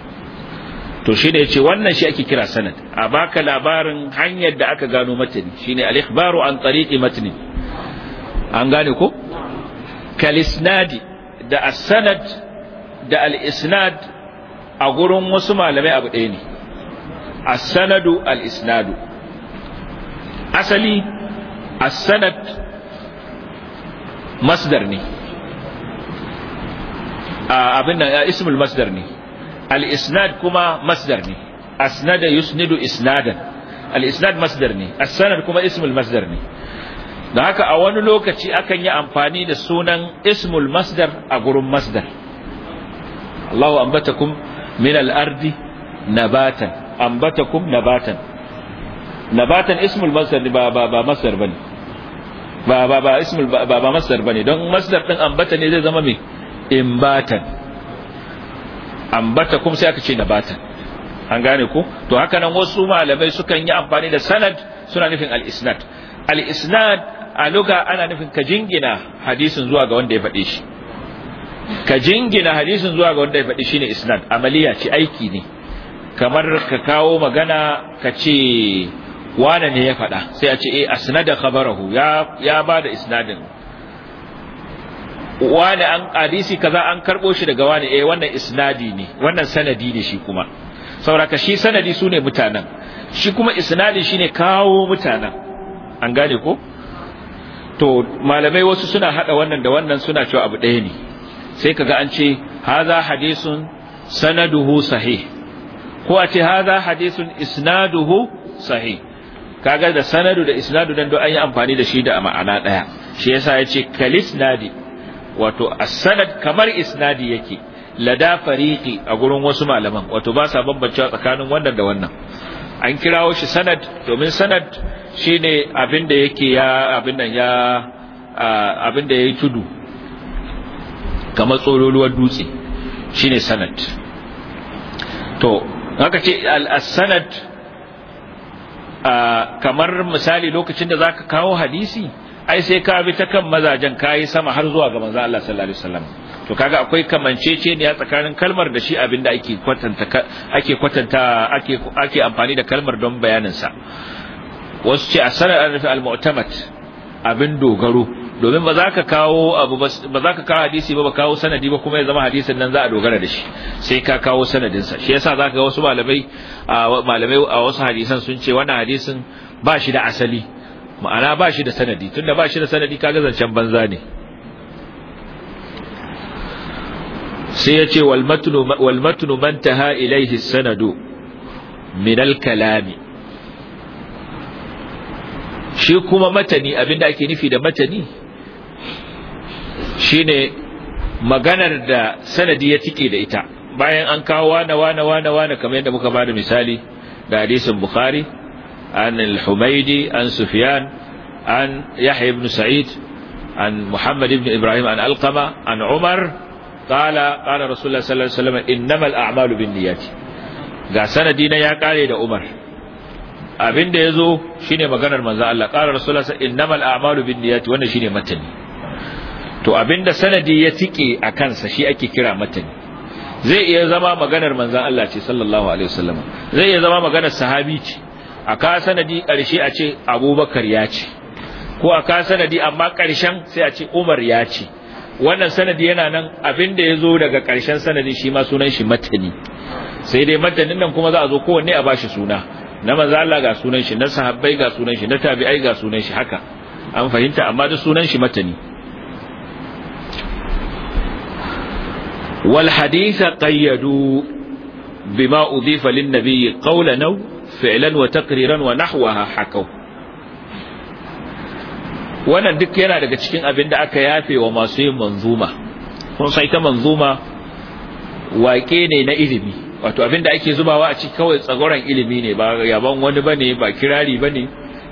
to shi ne ce wannan shi ake kira sanad a baka labarin hanyar da aka gano matani shi ne ikhbaru an tariqi matni an gane ko kalisnadi da asanad da al'isnad a gurin wasu malamai abu ɗaya ne asanadu al'isnadu asali asanad masdar ne abin nan ismul masdar ne الاسناد كما kuma masdar ne asnada yusnidu isnadan al-isnad masdar ne as kuma ismul masdar ne da haka a wani lokaci akan yi amfani da sunan ismul masdar a gurin masdar Allahu ambatakum min al-ardi nabatan ambatakum nabatan nabatan ismul masdar ba ba ba masdar bane ba ba ba ismul ba ba masdar bane don masdar din ambata ne zai zama me imbatan ambata kuma sai aka ce nabata an gane ku to haka nan wasu malamai sukan yi amfani da sanad suna nufin al-isnad al-isnad a luga ana nufin ka jingina hadisin zuwa ga wanda ya faɗe shi ka jingina hadisin zuwa ga wanda ya faɗi shine isnad amaliya ce aiki ne kamar ka kawo magana ka ce wane ne ya faɗa sai a ce eh asnada khabarahu ya ya bada isnadin wani an hadisi kaza an karbo shi daga wani eh wannan isnadi ne wannan sanadi ne shi kuma sauraka shi sanadi sune mutanen shi kuma isnadi shine kawo mutanen an gane ko to malamai wasu suna hada wannan da wannan suna cewa abu ɗaya ne sai kaga an ce haza hadisun sanaduhu sahih ko a ce haza hadisun isnaduhu sahih kaga da sanadu da isnadu dan do an yi amfani da shi da ma'ana ɗaya shi yasa ya ce kalisnadi wato as-sanad kamar isnadi yake lada fariqi a gurin wasu malaman wato ba sa bambance tsakanin wannan da wannan an kirawo shi sanad domin sanad shine abin da yake ya abin nan ya abin da yayi tudu kamar tsololuwar dutse shine sanad to haka ce al-sanad kamar misali lokacin da zaka kawo hadisi ai sai ka bi ta kan mazajen kayi sama har zuwa ga manzo Allah sallallahu alaihi wasallam to kaga akwai kamanceceniya tsakanin kalmar da shi abinda ake kwatanta ake kwatanta ake ake amfani da kalmar don bayanin sa wasu ce asarar an rufe al-mu'tamad abin dogaro domin ba za ka kawo abu ba za ka kawo hadisi ba ba kawo sanadi ba kuma ya zama hadisin nan za a dogara da shi sai ka kawo sanadin sa shi yasa zaka ga wasu malamai malamai a wasu hadisan sun ce wannan hadisin ba shi da asali ma'ana ba shi da sanadi tunda ba shi da sanadi ka kaga zancen banza ne sai ya ce wal matnu man taha ilaihi sanadu min al kalami shi kuma matani abinda ake nufi da matani shine maganar da sanadi ya tike da ita bayan an kawo wana wana wana wana kamar yadda muka bada misali da hadisin bukhari عن الحميدي عن سفيان عن يحيى بن سعيد عن محمد بن إبراهيم عن ألقمة عن عمر قال قال رسول الله صلى الله عليه وسلم إنما الأعمال بالنيات ga sanadina ya kare da Umar abin da yazo shine maganar manzo Allah qala rasulullah innamal bin Niyati wannan shine matani to abinda sanadi ya tike a kansa shi ake kira matani zai iya zama maganar manzon Allah ce sallallahu alaihi wasallam zai iya zama maganar sahabi ce a ka sanadi ƙarshe a ce abubakar ya ce ko a ka sanadi amma ƙarshen sai a ce umar ya ce wannan sanadi yana nan abin da ya zo daga ƙarshen sanadi shi ma sunan shi matani sai dai matanin nan kuma za a zo kowanne a bashi suna na manzo Allah ga sunan shi na sahabbai ga sunan shi na tabi'ai ga sunan shi haka an fahimta amma duk sunan shi matani wal hadith qayyadu bima udifa lin nabiy qawlan فعلا wa ونحوها wa nahwaha hakau wannan duk yana daga cikin abin da aka yafe wa masu yin manzuma kun sai ta manzuma wake ne na ilimi wato abin da ake zubawa a ciki kawai tsagoran ilimi ne ba yaban wani bane ba kirari bane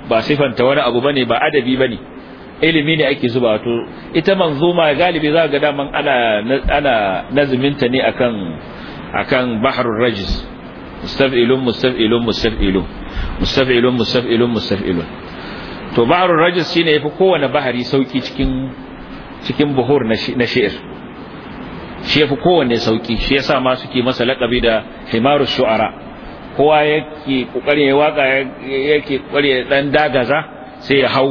ba sifanta wani abu bane ba adabi bane ilimi ne ake zuba wato ita manzuma galibi za ga daman ana ana nazumin ta ne akan akan bahrul rajis mustaf'ilun mustaf'ilun mustaf'ilun mustaf'ilun mustaf'ilun mustaf'ilun to ba'rul rajis shine yafi kowane bahari sauki cikin cikin buhur na shi'ir shi yafi kowanne sauki shi yasa ma suke masa laƙabi da himarus shu'ara kowa yake kokari ya waka yake kokari ya dan dagaza sai ya hau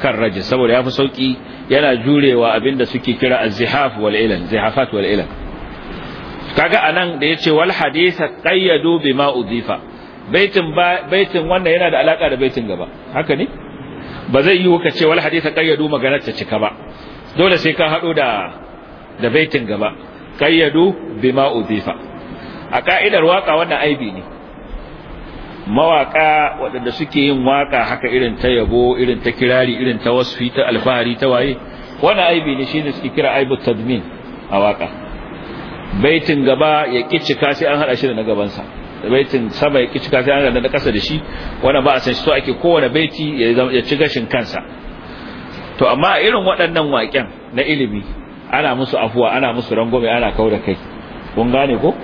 kan rajis saboda yafi sauki yana jurewa abinda suke kira az-zihaf wal ilal zihafat wal ilal kaga anan da yace wal hadith qayyadu bima udifa baitin baitin wannan yana da alaka da baitin gaba haka ne ba zai yi ka ce wal hadith qayyadu maganar ta cika ba dole sai ka hado da da baitin gaba qayyadu bima udifa a ka'idar waka wannan aibi ne mawaka waɗanda suke yin waka haka irin ta yabo irin ta kirari irin ta wasfi ta alfahari ta waye wannan aibi ne shine suke kira aibu tadmin a waka baitin gaba ya kicika sai an hada shi da na gabansa baitin sama ya kicika sai an hada na kasa da shi wannan ba a san shi to ake kowane baiti ya ci gashin kansa to amma a irin waɗannan waƙen na ilimi ana musu afuwa ana musu rangwame ana kau da kai kun gane ko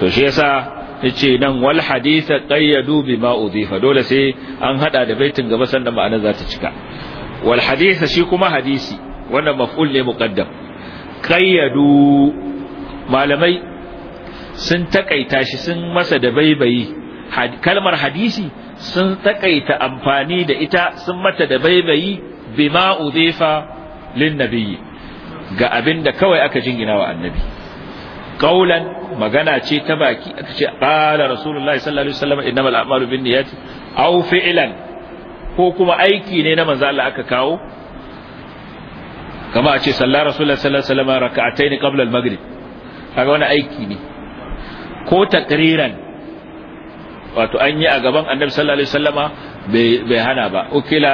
to shi yasa yace nan wal hadith qayyadu bima udhifa dole sai an hada da baitin gaba sannan ma'ana za ta cika wal hadith shi kuma hadisi wannan maf'ul ne muqaddam qayyadu malamai sun takaita shi sun masa da baibayi kalmar hadisi sun takaita amfani da ita sun mata da baibayi bima udefa lin nabiyyi ga abinda kawai aka jingina wa annabi qaulan magana ce ta baki aka ce qala rasulullahi sallallahu alaihi wasallam innamal a'malu binniyati aw fi'lan ko kuma aiki ne na manzo Allah aka kawo kama a ce sallar rasulullah sallallahu alaihi wasallam raka'atayn qabla al-maghrib kaga wani aiki ne ko takriran wato an yi a gaban annabi sallallahu alaihi wasallama bai hana ba ukila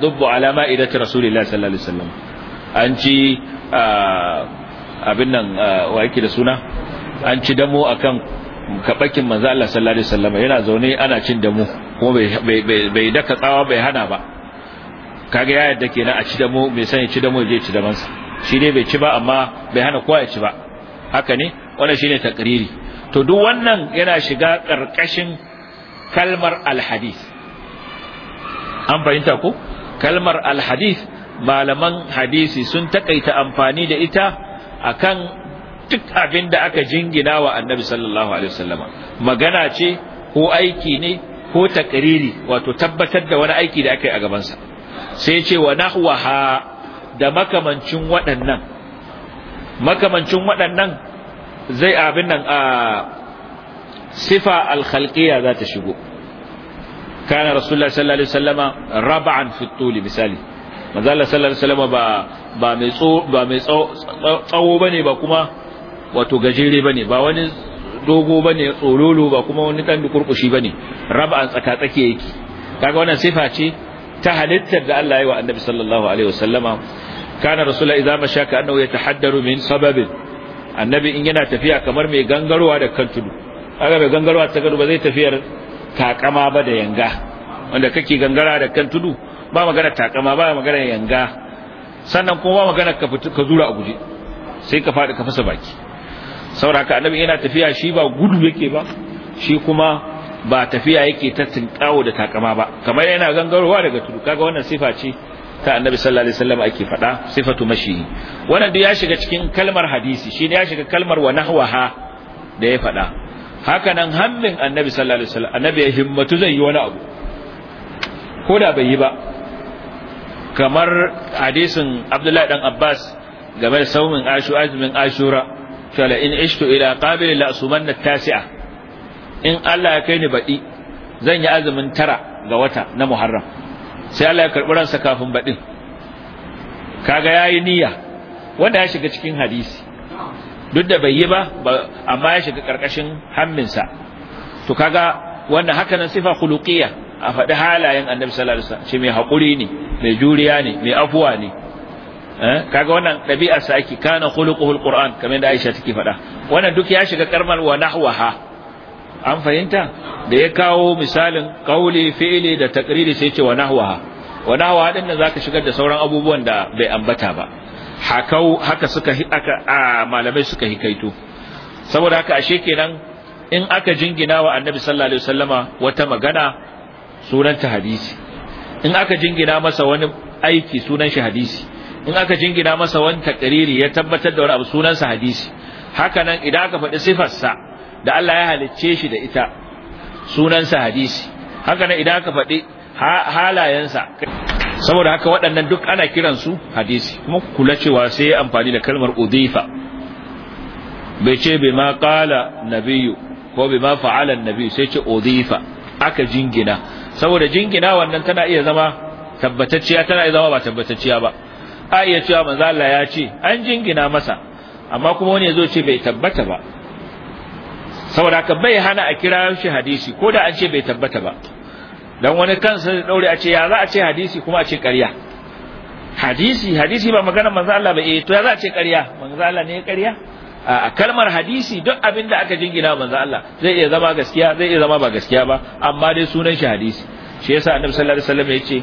dubbu ala ma'idati rasulillahi sallallahu alaihi wasallam an ci abin nan wa yake da suna an ci damo akan kabakin manzo Allah sallallahu alaihi wasallama yana zaune ana cin damo kuma bai daka tsawa bai hana ba kaga ya yadda kenan a ci damo mai sanya ci damo je ci damansa shi dai bai ci ba amma bai hana kowa ya ci ba haka ne wannan shine takriri to duk wannan yana shiga karkashin kalmar alhadis an fahimta ko kalmar alhadis malaman hadisi sun takaita amfani da ita akan duk abin da aka jingina wa annabi sallallahu alaihi wasallama magana ce ko aiki ne ko takriri wato tabbatar da wani aiki da aka yi a gabansa sai ce wa nahwaha da makamancin waɗannan makamancin waɗannan zai abin nan a sifa alkhalqiyya za ta shigo kana rasulullah sallallahu alaihi wasallama rab'an fi tuli misali manzo Allah sallallahu alaihi wasallama ba ba mai tso ba mai tsawo bane ba kuma wato gajere bane ba wani dogo bane tsololo ba kuma wani dan dukurkushi bane rab'an tsaka tsake yake kaga wannan sifa ce ta halittar da Allah ya yi wa annabi sallallahu alaihi wasallama kana rasulullah idza masha ka annahu yatahaddaru min sababin annabi in yana tafiya kamar mai gangarwa da kan tudu kaga mai gangarwa ta gado ba zai tafiyar takama ba da yanga wanda kake gangara da kan tudu ba magana takama ba magana yanga sannan kuma ba magana ka ka zura a guje sai ka fadi ka fasa baki sauraka annabi yana tafiya shi ba gudu yake ba shi kuma ba tafiya yake ta tinkawo da takama ba kamar yana gangarowa daga tudu kaga wannan sifa ce ta annabi sallallahu alaihi wasallam ake faɗa sifatu mashi wannan duk ya shiga cikin kalmar hadisi Shin ya shiga kalmar wa nahwaha da ya faɗa haka nan hammin annabi sallallahu alaihi wasallam annabi ya himmatu zai yi wani abu ko da bai yi ba kamar hadisin Abdullahi dan Abbas game da saumin ashu azmin ashura kala in ishtu ila qabil la sumanna tasi'a in Allah ya kai ni baɗi zan yi azumin tara ga wata na Muharram sai Allah ya karɓi ransa kafin baɗin kaga yayi niyya wanda ya shiga cikin hadisi duk da bai yi ba amma ya shiga karkashin hamminsa to kaga wannan haka nan sifa khuluqiyya a faɗi halayen annabi sallallahu alaihi wasallam ce mai haƙuri ne mai juriya ne mai afuwa ne eh, kaga wannan ɗabi'arsa ake kana khuluquhul qur'an kamar da Aisha take faɗa wannan duk ya shiga karmal wa nahwaha an fahimta da ya kawo misalin kauli fi'ili da takriri sai ce wa nahwaha wa nahwaha din nan zaka shigar da sauran abubuwan da bai ambata ba hakau haka suka aka malamai suka hikaito saboda haka ashe kenan in aka jingina wa annabi sallallahu alaihi wasallama wata magana sunan ta hadisi in aka jingina masa wani aiki sunan shi hadisi in aka jingina masa wani takriri ya tabbatar da wani abu sunan sa hadisi haka nan idan aka faɗi sifarsa da Allah ya halicce shi da ita sunansa hadisi haka nan idan aka faɗi halayensa saboda haka waɗannan duk ana kiransu hadisi kuma kula cewa sai ya amfani da kalmar udifa bai ce bai ma ƙala nabiyu ko bai ma fa'ala nabiyu sai ce udifa aka jingina saboda jingina wannan tana iya zama tabbatacciya tana iya zama ba tabbatacciya ba a iya cewa manzo Allah ya ce an jingina masa amma kuma wani ya zo ce bai tabbata ba saboda haka bai hana a kira shi hadisi ko da an ce bai tabbata ba dan wani kansa da daure a ce ya za a ce hadisi kuma a ce ƙarya hadisi hadisi ba magana manzo Allah ba eh to ya za a ce ƙarya manzo Allah ne ya ƙarya a kalmar hadisi duk abin da aka jingina manzo Allah zai iya zama gaskiya zai iya zama ba gaskiya ba amma dai sunan shi hadisi shi yasa annabi sallallahu alaihi wasallam yace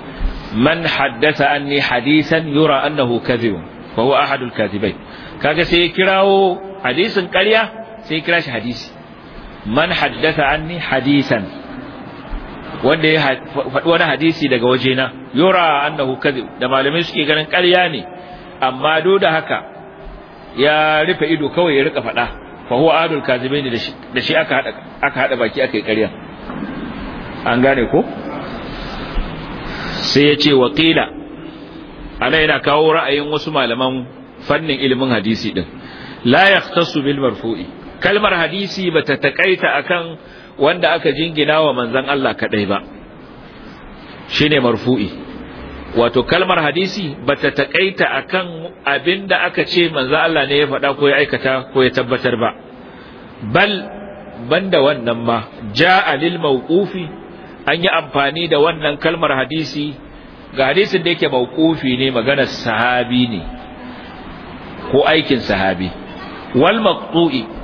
man haddatha anni hadisan yura annahu kadhib fa huwa ahadul kadhibain kaga sai ya kirawo hadisin ƙarya sai ya kira shi hadisi man haddasa anni hadisan wanda ya faɗi wani hadisi daga wajena yura annahu kadhib da malamai suke ganin ƙarya ne amma do da haka ya rufe ido kawai ya rika faɗa fa huwa adul kazibain da shi aka hada aka hada baki aka yi ƙarya an gane ko sai ya ce waƙila ana yana kawo ra'ayin wasu malaman fannin ilimin hadisi din la yahtasu bil marfu'i kalmar hadisi ba bata takaita akan wanda aka jingina wa manzon Allah kaɗai ba shine marfu'i wato kalmar hadisi ba bata takaita akan abinda aka ce manzon Allah ne ya faɗa ko ya aikata ko ya tabbatar ba bal banda wannan ma ja'a lil mawqufi an yi amfani da wannan kalmar hadisi ga hadisin da yake mawqufi ne maganar sahabi ne ko aikin sahabi wal maqtu'i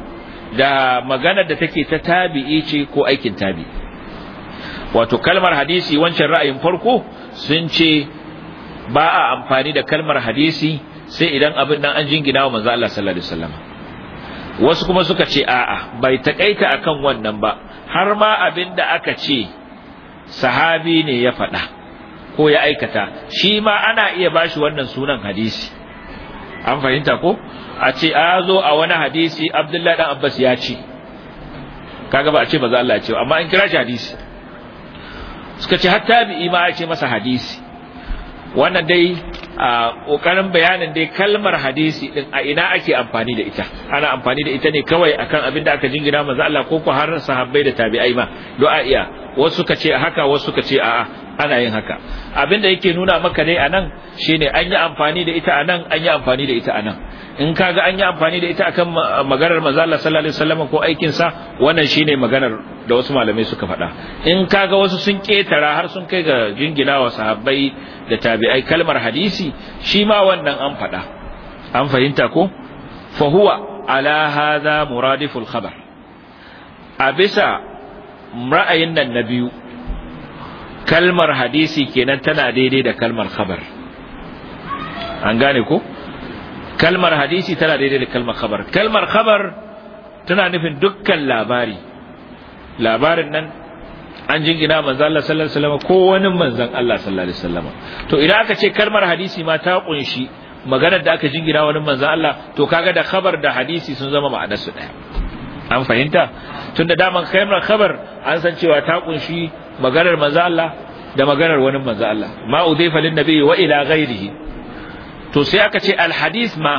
da maganar da take ta tabi'i ce ko aikin tabi'i wato kalmar hadisi wancan ra'ayin farko sun ce ba a amfani da kalmar hadisi sai idan abin nan an jingina wa manzo Allah sallallahu alaihi wasallam wasu kuma suka ce a'a bai takaita akan wannan ba har ma abin da aka ce sahabi ne ya faɗa ko ya aikata shi ma ana iya bashi wannan sunan hadisi an fahimta ko a ce a zo a wani hadisi abdullahi dan abbas ya ce kaga ba a ce maza Allah ya ce amma an kira shi hadisi suka ce hatta bi ima ya ce masa hadisi wannan dai a ƙoƙarin bayanin dai kalmar hadisi din a ina ake amfani da ita ana amfani da ita ne kawai akan abin da aka jingina manzo Allah ko ko har sahabbai da tabi'ai ma du'a iya wasu ka ce haka wasu ka ce a'a ana yin haka abin da yake nuna maka dai anan shine an yi amfani da ita anan an yi amfani da ita anan in kaga an yi amfani da ita akan maganar manzo Allah sallallahu alaihi wasallam ko aikin sa wannan shine maganar da wasu malamai suka faɗa in kaga wasu sun ketara har sun kai ga jinginawa sahabbai da tabi'ai kalmar hadisi hadisi shi ma wannan an faɗa an fahimta ko fa huwa ala hadha muradiful khabar a bisa ra'ayin nan na biyu kalmar hadisi kenan tana daidai da kalmar khabar an gane ko kalmar hadisi tana daidai da kalmar khabar kalmar khabar tana nufin dukkan labari labarin nan an jingina manzon Allah sallallahu alaihi wasallam ko wani manzon Allah sallallahu alaihi wasallam to idan aka ce kalmar hadisi ma ta kunshi maganar da aka jingina wani manzon Allah to kaga da khabar da hadisi sun zama ma'anar su daya an fahimta tunda daman kalmar khabar an san cewa ta kunshi maganar manzon Allah da maganar wani manzon Allah ma udayfa lin nabi wa ila ghairihi to sai aka ce al ma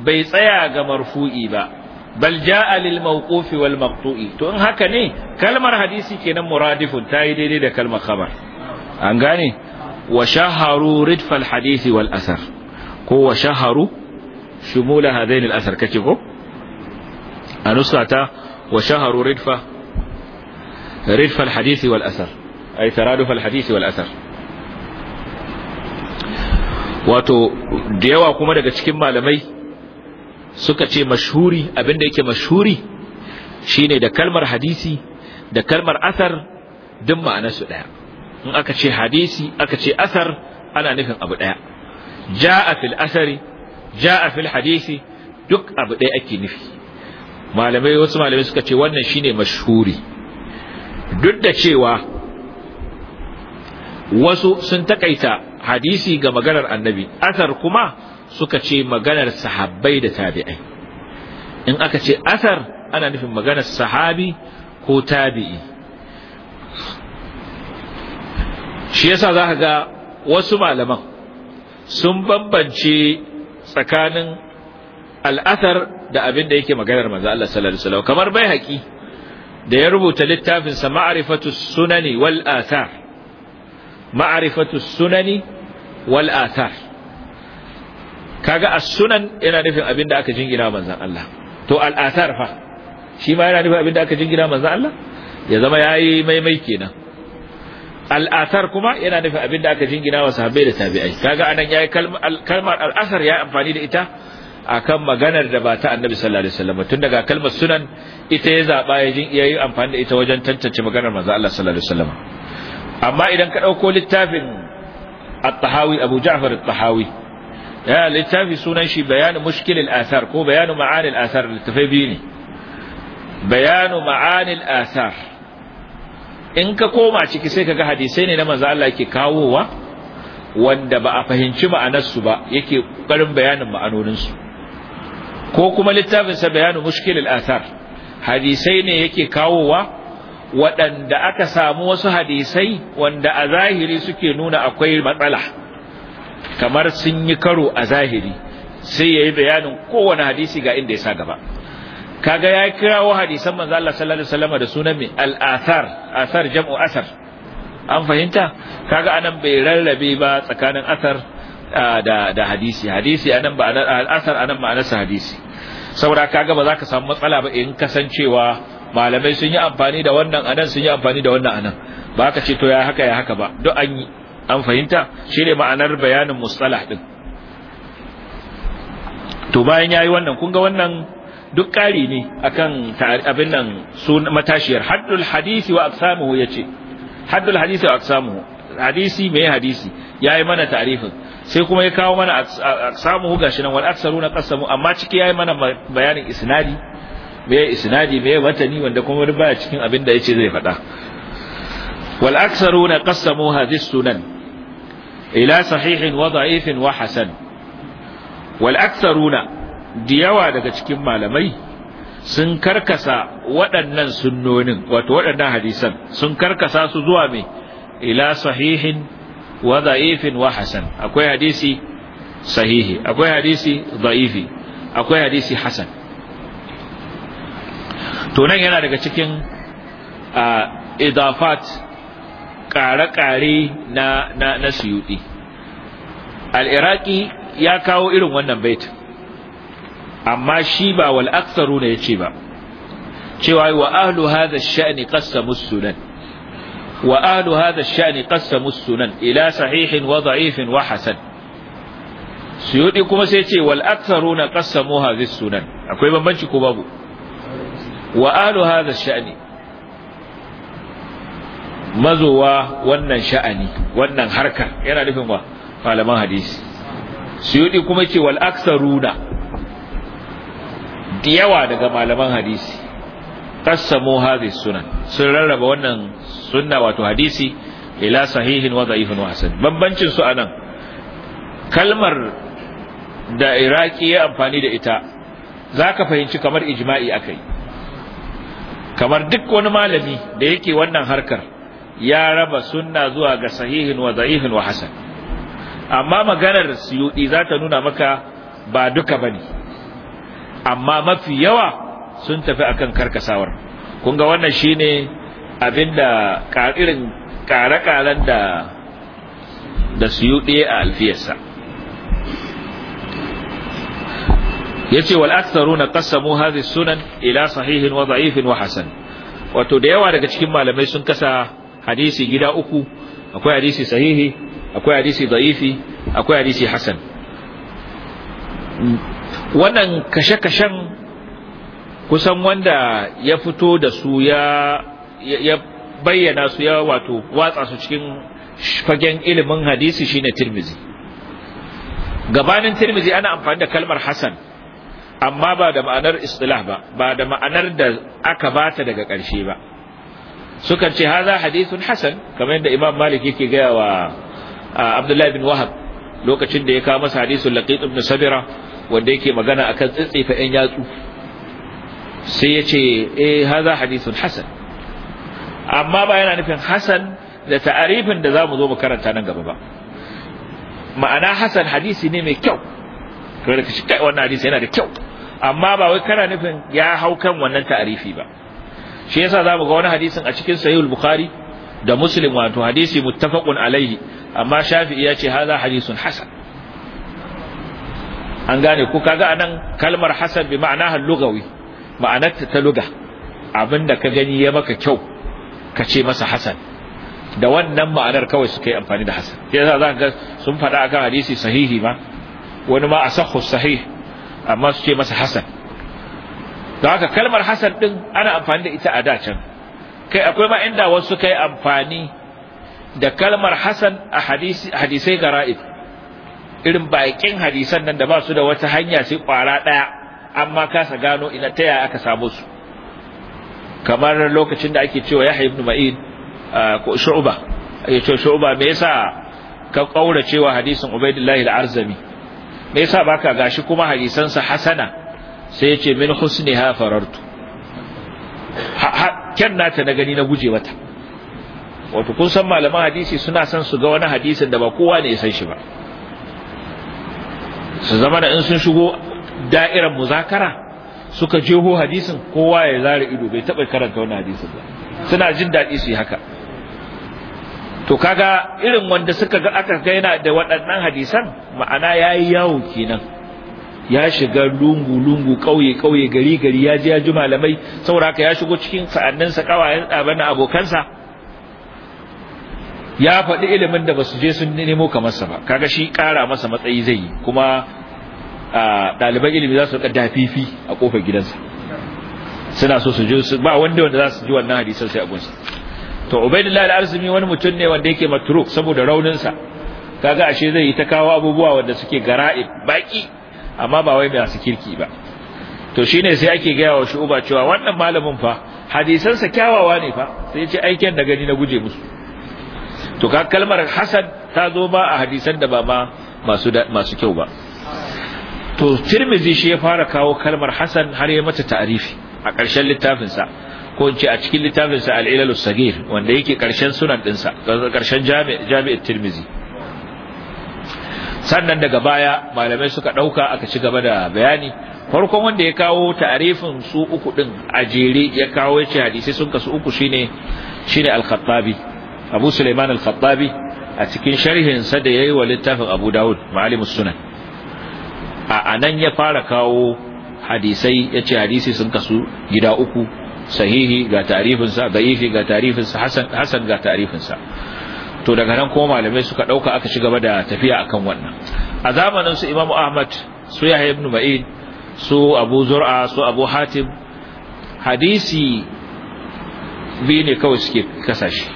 bai tsaya ga marfu'i ba bal ja'a lil mawqufi wal maqtu'i to in haka ne kalmar hadisi kenan muradifun tayi daidai da kalmar khabar an gane wa shaharu ridf al hadisi wal asar ko wa shaharu shumul hadain al asar kace ko anusata wa shaharu ridfa ridf al hadisi wal asar ay taraduf al hadisi wal asar wato da yawa kuma daga cikin malamai suka ce mashhuri abinda yake mashhuri shine da kalmar hadisi da kalmar asar duk ma'ana ɗaya. in aka ce hadisi aka ce asar ana nufin abu ɗaya ja'a fil asari ja'a fil hadisi duk abu daya ake nufi malamai wasu malamai suka ce wannan shine mashhuri duk da cewa wasu sun takaita hadisi ga maganar annabi asar kuma suka ce maganar sahabbai da tabi'ai in aka ce asar ana nufin maganar sahabi ko tabi'i shi yasa zaka ga wasu malaman sun bambance tsakanin al'athar da abin da yake maganar manzo Allah sallallahu alaihi wasallam kamar baihaqi da ya rubuta littafin sa ma'rifatus sunani wal athar ma'rifatus sunani wal athar kaga as-sunan yana nufin abin da aka jingina manzon Allah to al-athar fa shi ma yana nufin abin da aka jingina manzon Allah ya zama yayi maimai kenan al-athar kuma yana nufin abin da aka jingina wa sahabbai da tabi'ai kaga anan yayi kalmar al-athar ya amfani da ita akan maganar da ba ta annabi sallallahu alaihi wasallam tun daga kalmar sunan ita ya zaba ya jin yayi amfani da ita wajen tantance maganar manzo Allah sallallahu alaihi wasallam amma idan ka dauko littafin at-tahawi Abu Ja'far at-tahawi ya eh, littafi sunan shi bayanu mushkilil asar ko bayanu ma'anil asar littafai biyu ne bayanu ma'anil asar in ka koma ciki sai kaga hadisai ne na manzo Allah yake kawowa wanda ba a fahimci ma'anarsu ba yake kokarin bayanin ma'anoninsu ko kuma littafin sa bayanu mushkilil asar hadisai ne yake kawowa waɗanda aka samu wasu hadisai wanda a zahiri suke nuna akwai matsala kamar sun yi karo a zahiri sai yayi bayanin kowane hadisi ga inda ya sa gaba kaga ya kirawo hadisan manzo Allah sallallahu alaihi wasallam da sunan mai al-athar athar jam'u asar an fahimta kaga anan bai rarrabe ba tsakanin asar da da hadisi hadisi anan ba al athar anan sa hadisi saboda kaga ba za ka samu matsala ba in kasancewa malamai sun yi amfani da wannan anan sun yi amfani da wannan anan ba ka ce to ya haka ya haka ba duk an yi an fahimta shine ma'anar bayanin mustalah din to bayan ya yi wannan kun ga wannan duk ƙari ne akan abin nan matashiyar haddul hadisi wa aksamuhu ce, haddul hadisi wa aksamuhu hadisi mai hadisi ya yi mana tarifin sai kuma ya kawo mana aksamuhu shi nan wal na qasamu amma ciki ya yi mana bayanin isnadi me isnadi me watani wanda kuma duk baya cikin abin da ya ce zai faɗa wal na qasamu hadhihi sunan ila sahihin wa da'ifin wa hasan wal aktharuna diyawa daga cikin malamai sun karkasa waɗannan sunnonin wato waɗannan hadisan sun karkasa su zuwa me ila sahihin wa da'ifin wa hasan akwai hadisi sahihi akwai hadisi da'ifi akwai hadisi hasan to nan yana daga cikin idafat ƙare-ƙare na na, na suyuɗi al'iraki ya kawo irin wannan baitin amma shi ba wal aksaru ne ya ce ba cewa wa ahlu hadha sha'ni qassamu sunan wa ahlu hadha sha'ni qassamu sunan ila sahihin wa zaifin wa hasan suyudi kuma sai ce wal aktharuna qassamu hadha sunan akwai bambanci ko babu wa ahlu hadha sha'ni mazowa wannan sha'ani wannan harka yana nufin wa malaman hadisi suyudi kuma ce wal aksaruna da yawa daga malaman hadisi qassamu hadis sunan sun rarraba wannan sunna wato hadisi ila sahihin wa dhaifin wa hasan bambancin su anan kalmar da iraki ya amfani da ita zaka fahimci kamar ijma'i akai kamar duk wani malami da yake wannan harkar ya raba sunna zuwa ga sahihin wa da'ihin wa hasan amma maganar suyudi za ta nuna maka ba duka bane amma mafi yawa sun tafi akan karkasawar kun ga wannan shine abinda irin kare da da suyudi a alfiyarsa yace wal aktharuna qasamu hadhihi sunan ila sahihin wa da'ihin wa hasan wato da yawa daga cikin malamai sun kasa hadisi gida uku akwai hadisi sahihi akwai hadisi da'ifi akwai hadisi hasan wannan kashe-kashen kusan wanda ya fito da su ya bayyana su ya wato watsa su cikin fagen ilimin hadisi shine tirmizi gabanin tirmizi ana amfani da kalmar hasan amma ba da ma'anar istilah ba ba da ma'anar da aka bata daga ƙarshe ba sukan ce haza hadithun hasan kamar yadda imam malik yake gaya wa abdullahi bin wahab lokacin da ya kawo masa hadisun laqit ibn sabira wanda yake magana akan tsitsifa yan yatsu sai ya ce eh haza hadithun hasan amma ba yana nufin hasan da ta'arifin da zamu zo mu karanta nan gaba ba ma'ana hasan hadisi ne mai kyau kamar da shi kai wannan hadisi yana da kyau amma ba wai kana nufin ya hau kan wannan ta'arifi ba shi yasa zamu ga wani hadisin a cikin sahih bukhari da muslim wato hadisi muttafaqun alaihi amma shafi'i ya ce hadha hadisun hasan an gane ku kaga anan kalmar hasan bi ma'ana lugawi ma'anarta ta luga abinda ka gani ya maka kyau ka ce masa hasan da wannan ma'anar kawai suka yi amfani da hasan yasa za ga sun faɗa akan hadisi sahihi ma wani ma asahhu sahih amma su ce masa hasan don haka kalmar Hassan ɗin ana amfani da ita a da can kai akwai ma inda wasu kai amfani da kalmar Hassan a hadisai gara'id. irin baƙin hadisan nan da ba su da wata hanya sai kwara ɗaya amma kasa gano ina ta yaya aka samu su kamar lokacin da ake cewa Yahya ibn Ma'in ko Shu'ba ya cewa Shu'ba me yasa ka kaura cewa hadisin ubaidullahi al-Arzami me yasa baka gashi kuma hadisansa Hassana. sai yace min husni husniha farartu ken nata na gani na guje mata wato kun san malaman hadisi suna son su ga wani hadisin da ba kowa ne ya san shi ba su zama da in sun shigo da'irar muzakara suka jeho hadisin kowa ya zara ido bai taɓa karanta wani hadisin ba suna jin daɗi su yi haka to kaga irin wanda suka ga aka gaina da waɗannan hadisan ma'ana yayi yawo kenan ya shiga lungu lungu kauye kauye gari gari ya ji ya ji malamai saboda haka ya shigo cikin sa'annin sa kawayen ɗaban abokansa ya faɗi ilimin da basu je sun nemo kamar sa ba kaga shi ƙara masa matsayi zai yi kuma ɗaliban ilimi za su rika dafifi a kofar gidansa suna so su je su ba wanda wanda za su ji wannan hadisan sai abunsa to ubaidullah al-arzumi wani mutum ne wanda yake matruk saboda raunin sa kaga ashe zai yi ta kawo abubuwa wanda suke gara'ib baki amma ba wai masu kirki ba to shine sai ake gaya wa shu'uba cewa wannan malamin fa hadisansa kyawawa ne fa sai ya ce aikin da gani na guje musu to ka kalmar Hassan ta zo ba a hadisan da ba ma masu masu kyau ba to tirmizi shi ya fara kawo kalmar hasan har ya mata ta'arifi a ƙarshen littafinsa ko in ce a cikin littafinsa al-ilal sagir wanda yake ƙarshen sunan ɗinsa ƙarshen jami'ar tirmizi sannan daga baya malamai suka ɗauka aka ci gaba da bayani farkon wanda ya kawo ta'arifin su uku din a jere ya kawo yace hadisi sun kasu uku shine shine al-Khattabi Abu Sulaiman al-Khattabi a cikin sharhin sa da yayi wa littafin Abu Dawud Ma'alimus Sunan a anan ya fara kawo hadisai yace hadisi sun kasu gida uku sahihi ga ta'rifin sa ga ta'rifin sa hasan hasan ga ta'rifin sa to daga nan kuma malamai suka dauka aka ci gaba da tafiya akan wannan a zamanin su Imam Ahmad su Yahya ibn Ma'in su Abu Zur'a su Abu Hatim hadisi biyu ne kawai suke kasashe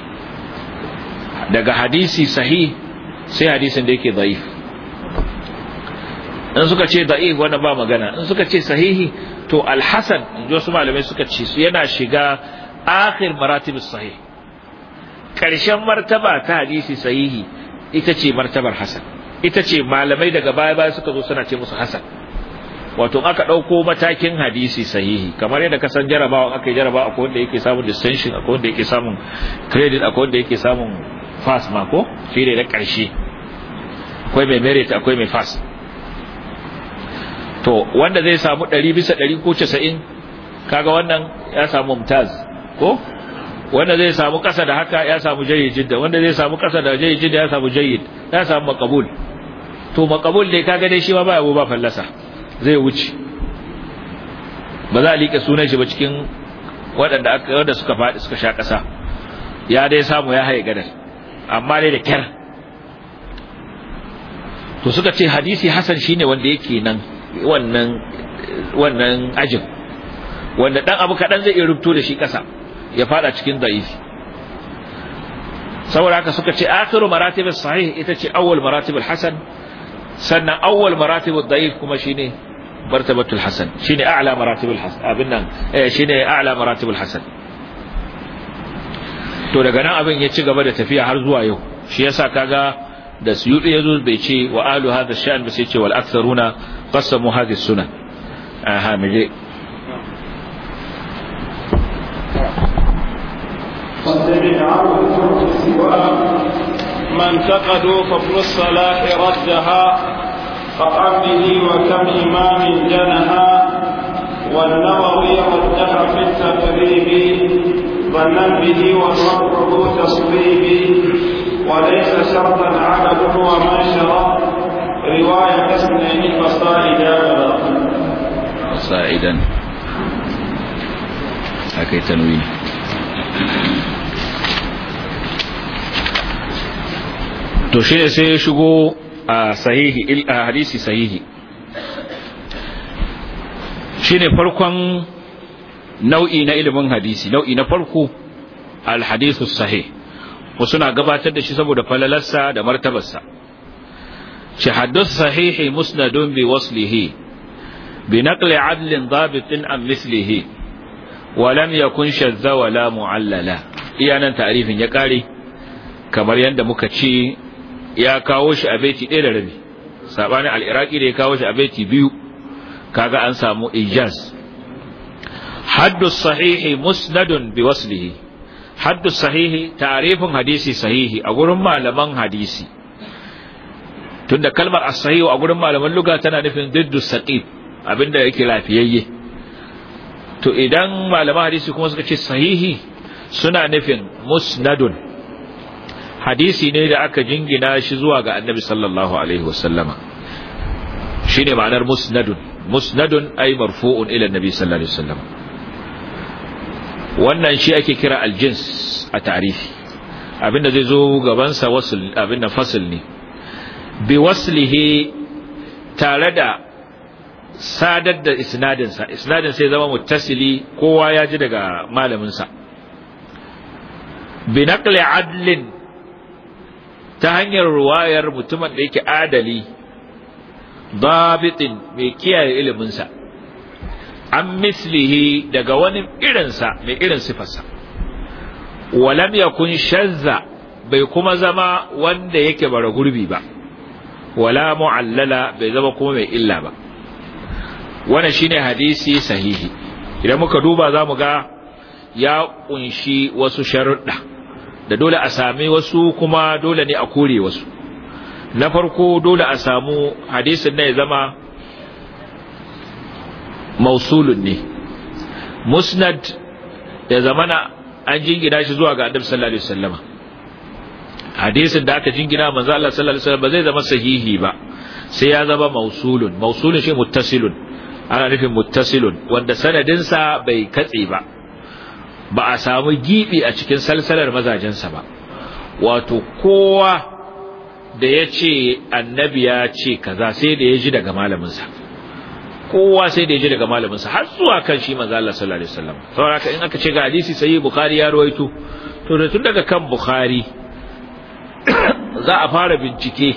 daga hadisi sahih sai hadisin da yake dhaif in suka ce da'if wannan ba magana in suka ce sahihi to alhasan wasu malamai suka ce yana shiga akhir maratib sahih Karshen martaba ta hadisi sahihi ita ce martabar hasan ita ce malamai daga baya baya suka zo suna ce musu hasan wato aka ɗauko matakin hadisi sahihi kamar yadda ka san jarabawa aka yi jarabawa akwai wanda yake samun distinction akwai wanda yake samun credit akwai wanda yake samun fast ma ko shi ne na karshe. akwai mai merit akwai mai fast to wanda zai samu 100 bisa 100 ko casa'in kaga wannan ya samu mumtaz ko wanda zai samu kasa da haka ya samu jayyid jidda wanda zai samu kasa da jayyid jidda ya samu jayyid ya samu maqbul to maqbul dai kaga dai shi ma ba abu ba fallasa zai wuce ba za a liƙe sunan shi ba cikin waɗanda aka wanda suka faɗi suka sha ƙasa ya dai samu ya haye gadar amma dai da kyar to suka ce hadisi hasan shine wanda yake nan wannan wannan ajin wanda dan abu kadan zai iya rubuto da shi ƙasa ya fada cikin da'ifi saboda haka suka ce akhiru maratib sahih ita ce awwal maratib hasan sannan awwal maratib da'if kuma shine martabatul hasan shine a'la maratib hasan abin nan eh, shine a'la maratib hasan to daga nan abin ya ci gaba da tafiya har zuwa yau shi yasa kaga da suyudi yazo bai ce wa alu hadha sha'an ba sai ce wal aktharuna qasamu hadhihi sunan aha mije ما انتقدوا فضل الصلاة ردها به وكم إمام جنها والنووي ردها في التقريب ظنا به وصبره تصويب وليس شرطا هو ما شرى رواية اثنين فصائدا صائدا هكذا تنوين to ne sai ya shigo a hadisi sahihi ne farkon nau'i na ilimin hadisi nau'i na farko alhadisu sahih wasu na gabatar da shi saboda falalarsa da martabarsa shahadus sahihi musnadun bi waslihi bi naqli adlin dhabitin an mislihi walam yakun shazza wala mu'allala iyanan ta'arifin ya kare kamar yadda muka ce ya kawo shi a baiti ɗaya da rabi sabanin al-iraqi da ya kawo shi a baiti biyu kaga an samu ijaz haddu sahihi musnadun bi waslihi haddu sahihi ta'arifin hadisi sahihi a gurin malaman hadisi tunda kalmar as-sahihu a gurin malaman lugha tana nufin diddu saqib abinda yake lafiyayye to idan malaman hadisi kuma suka ce sahihi suna nufin musnadun hadisi ne da aka jingina shi zuwa ga annabi sallallahu alaihi wasallama shine ma'anar musnadun musnadun ay marfu'un ila annabi sallallahu alaihi wasallam wannan shi ake kira aljins a ta'rifi abinda zai zo gabansa sa wasul abinda ne bi waslihi tare da sadar da isnadinsa isnadin sai zama muttasili kowa ya ji daga malaminsa binaqli adlin ta hanyar ruwayar mutumin da yake adali babitin mai kiyaye iliminsa an mislihi daga wani irinsa mai irin sifarsa walam yakun shazza bai kuma zama wanda yake bara gurbi ba wala mu'allala bai zama kuma mai illa ba wannan shine hadisi sahihi idan muka duba za mu ga ya kunshi wasu sharuɗa da dole a sami wasu kuma dole ne a kore wasu na farko dole a samu hadisin na ya zama mausulun ne musnad ya zamana an jingina shi zuwa ga adam sallallahu alaihi wasallama hadisin da aka jingina manzo Allah sallallahu alaihi wasallam ba zai zama sahihi ba sai ya zama mausulun mausulun shi muttasilun ana nufin muttasilun wanda sanadinsa bai katse ba ba a samu gibi a cikin salsalar mazajensa ba wato kowa da ya ce annabi ya ce kaza sai da ya ji daga malaminsa kowa sai da ya ji daga malaminsa har zuwa kan shi manzo Allah sallallahu alaihi wasallam saboda haka in aka ce ga hadisi sai bukhari ya ruwaito to da tun daga kan bukhari za a fara bincike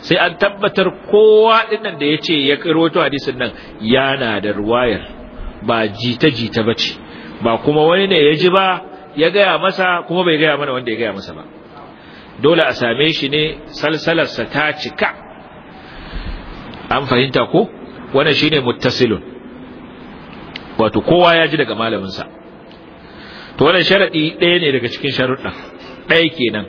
sai an tabbatar kowa dinnan da ya ce ya hadisin nan yana da ruwayar ba jita-jita ba ba kuma wani ne ya ji ba ya gaya masa kuma bai gaya mana wanda ya gaya masa ba dole a same shi ne salsalarsa ta cika an fahimta ko wannan shine muttasilun wato kowa ya ji daga malaminsa to wannan sharadi ɗaya ne daga cikin sharuɗa ɗaya kenan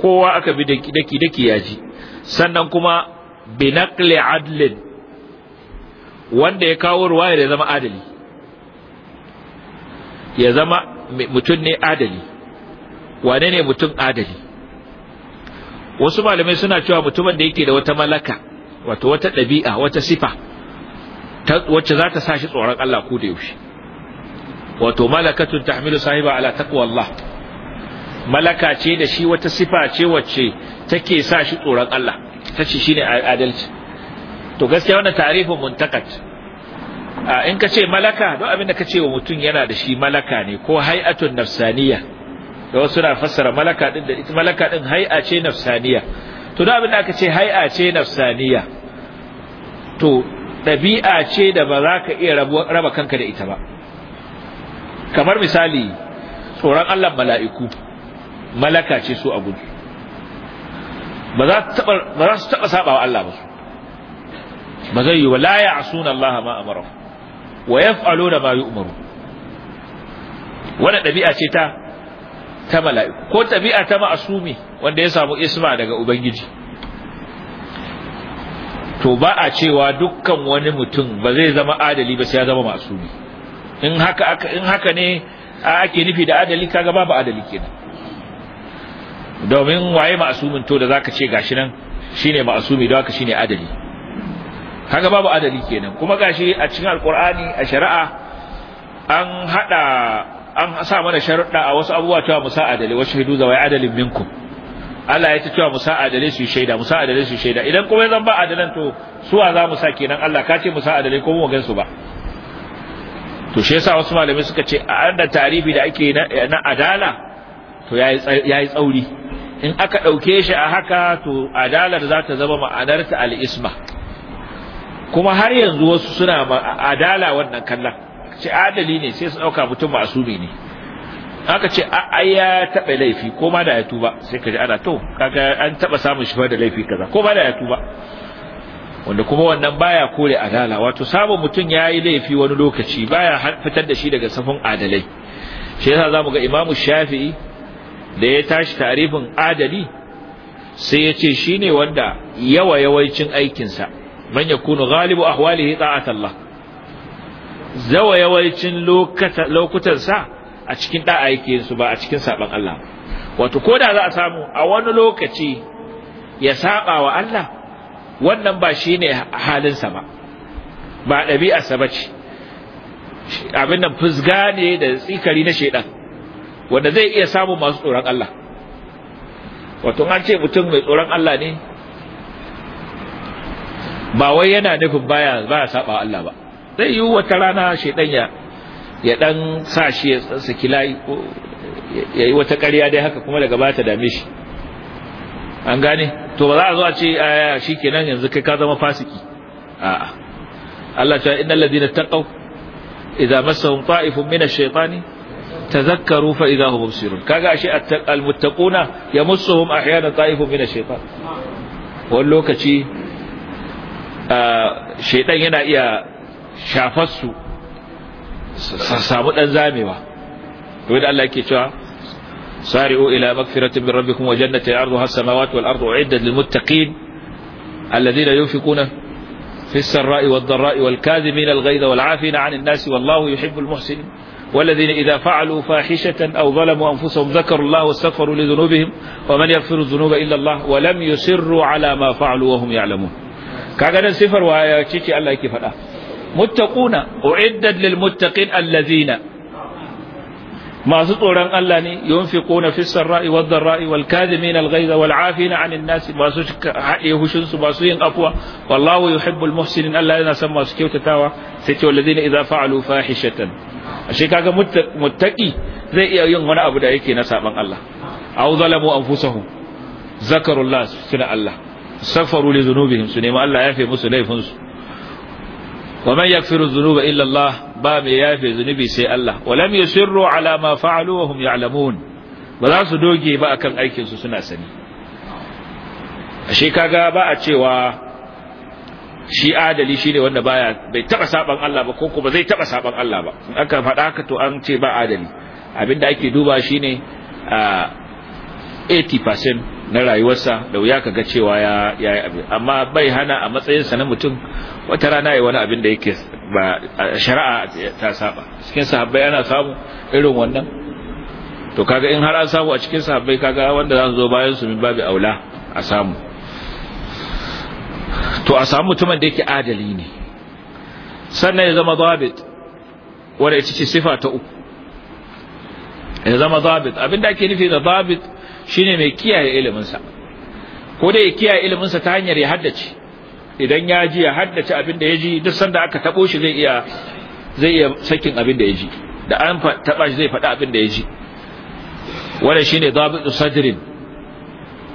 kowa aka bi daki daki ya ji sannan kuma binaqli adlin wanda ya kawo ruwaya da zama adali ya zama mutum ne adali wane ne mutum adali wasu malamai suna cewa mutumin da yake da wata malaka wato wata ɗabi'a wata sifa wacce za ta sa shi tsoron Allah ko da yaushe wato malakatun tahmilu sahiba ala taqwa Allah malaka ce da shi wata sifa ce wacce take sa shi tsoron Allah tace shine adalci to gaskiya wannan ta'rifin muntakat in ka ce malaka don abin da ka ce wa mutum yana da shi malaka ne ko hay'atun nafsaniya da wasu na fassara malaka din da ita malaka din hay'a ce nafsaniya to don abin da aka ce hay'a ce nafsaniya to ɗabi'a ce da ba za ka iya raba kanka da ita ba kamar misali tsoron Allah mala'iku malaka ce su a gudu ba za su taɓa saba wa Allah ba su ba zai yi wa la ya asuna Allah ma amara wa ya falo da ma yi umaru wani ɗabi'a ce ta ta mala'iku ko ɗabi'a ta ma'asumi wanda ya samu isma daga ubangiji to ba a cewa dukkan wani mutum ba zai zama adali ba sai ya zama masumi. in haka in haka ne ake nufi da adali kaga babu adali kenan domin waye ma'asumin to da zaka ce gashi nan shine ma'asumi don haka shine adali kaga babu adali kenan kuma gashi a cikin alqur'ani a shari'a an hada an sa mana sharuɗa a wasu abubuwa cewa musa adali wa shahidu zawai adalin minkum Allah ya ce cewa musa adali su shaida musa adali su shaida idan kuma zan ba adalan to suwa za mu sa kenan Allah ka ce musa adali ko mu gan su ba to shi yasa wasu malamai suka ce a da tarihi da ake na adala to yayi yayi tsauri in aka ɗauke shi a haka to adalar za ta zama ma'anarta Isma. kuma har yanzu wasu suna adala wannan kallon ce adali ne sai su ɗauka mutum masumi ne aka ce ai ya taɓa laifi ko ma da ya tuba sai ka ji ana to kaga an taɓa samun shi da laifi kaza ko ma da ya tuba wanda kuma wannan baya kore adala wato samun mutum ya yi laifi wani lokaci baya fitar da shi daga safin adalai shi yasa zamu ga imamu shafi'i da ya tashi tarifin adali sai ya ce shi ne wanda yawa yawaicin aikinsa man yakunu ghalibu ahwalihi ta'atallah zawa yawaicin lokutansa a cikin da'a yake ba a cikin saban Allah wato ko da za a samu a wani lokaci ya saɓa wa Allah wannan ba shi shine halinsa ba ba ɗabi'arsa ba ce abin nan fusga ne da tsikari na shaidan wanda zai iya samun masu tsoron Allah wato an ce mutum mai tsoron Allah ne ba wai yana nufin baya baya saba Allah ba zai yi wata rana shedan ya ya dan sa shi ya saki layi ko yayi wata ƙarya dai haka kuma daga bata dame shi an gane to ba za a zo a ce aya ah, shi kenan yanzu kai ka zama fasiki a'a Allah ta innal ladina taqaw idza massahum ta'ifun min ash-shaytani tazakkaru fa idza hum mubsirun kaga ashe almuttaquna yamassuhum ahyana ta'ifun min ash-shaytan wani lokaci shaytan yana iya shafar su samu dan zamewa wanda Allah yake cewa sari'u ila magfiratin min rabbikum wa jannatin arduha as-samawati wal ardu uiddat lil muttaqin alladhina yunfiquna في السراء والضراء والكاذبين الغيظ والعافين عن الناس والله يحب المحسنين والذين إذا فعلوا فاحشة أو ظلموا أنفسهم ذكروا الله واستغفروا لذنوبهم ومن يغفر الذنوب إلا الله ولم يصروا على ما فعلوا وهم يعلمون كاغانا سفر وهي تشيكي الله كيف متقون أعدت للمتقين الذين masu tsoron Allah ne yunfiquna fis sarra'i wad dharra'i wal kadhimin al ghayza wal 'afina 'anil nas masu haɗe hushin su masu yin afwa wallahu yuhibbul muhsinin Allah yana son masu kyautatawa sai ce walladina idza fahishatan ashe kaga muttaqi zai iya yin wani abu da yake na saban Allah aw zalamu anfusahum zakarullah suna Allah safaru li dhunubihim su nemi Allah yafe musu laifin su wa man yaghfiru dhunuba illa Allah ba mai yafe zunubi sai Allah wa lam yusirru ala ma fa'alu wa hum ya'lamun ba za su doge ba akan aikin su suna sani ashe kaga ba a cewa shi adali shi ne wanda baya bai taba saban Allah ba ko kuma zai taba saban Allah ba in aka faɗa haka to an ce ba adali abinda ake duba shi ne a 80% na rayuwarsa da wuya ka ga cewa ya ya abin amma bai hana a matsayinsa na mutum wata rana ya wani abin da yake ba shari'a ta saba cikin sahabbai ana samu irin wannan to kaga in har an samu a cikin sahabbai kaga wanda za su zo bayan su min babu aula a samu to a samu mutumin da yake adali ne sannan ya zama zabit wanda ita ce sifa ta uku ya zama zabit abinda ake nufi da zabit shine mai kiyaye iliminsa ko da ya kiyaye iliminsa ta hanyar ya haddace idan ya ji ya haddace abinda ya ji duk sanda aka tabo shi zai iya zai iya sakin abinda ya ji da an taba shi zai faɗi abinda ya ji wanda shine zabitu sadrin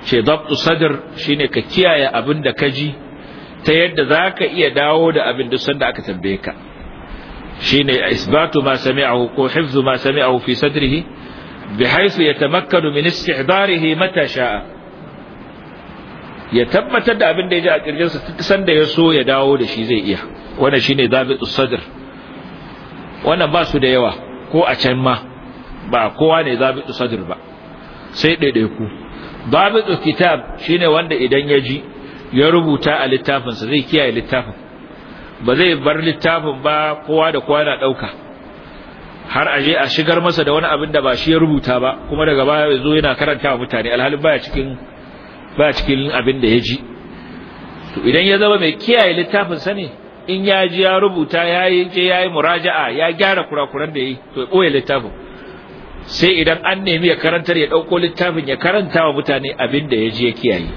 ce zabtu sadr shine ka kiyaye abinda ka ji ta yadda za ka iya dawo da abin duk sanda aka tambaye ka Shi a isbatu ma sami'ahu ko hifzu ma sami'ahu fi sadrihi ya yatamakkanu min istihdarihi mata sha'a ya tabbatar da abin da ya ji a kirjinsa sanda ya so ya dawo da shi zai iya wannan ne zabi sadr wannan ba su da yawa ko a can ma ba kowa ne zabi sadr ba sai ɗaiɗaiku babu kitab shine wanda idan ya ji ya rubuta a littafinsa zai kiyaye littafin ba zai bar littafin ba kowa da kowa na ɗauka har aje a shigar masa da wani abin da ba shi ya rubuta ba kuma daga baya ya yana karanta wa mutane alhalin baya cikin baya cikin abin da ya ji to idan ya zama mai kiyaye littafin sa ne in ya ji ya rubuta ya yi je ya yi muraja'a ya gyara kurakuran da ya yi to ya ɓoye littafin sai idan an nemi ya karantar ya ɗauko littafin ya karanta wa mutane abin da ya ji ya kiyaye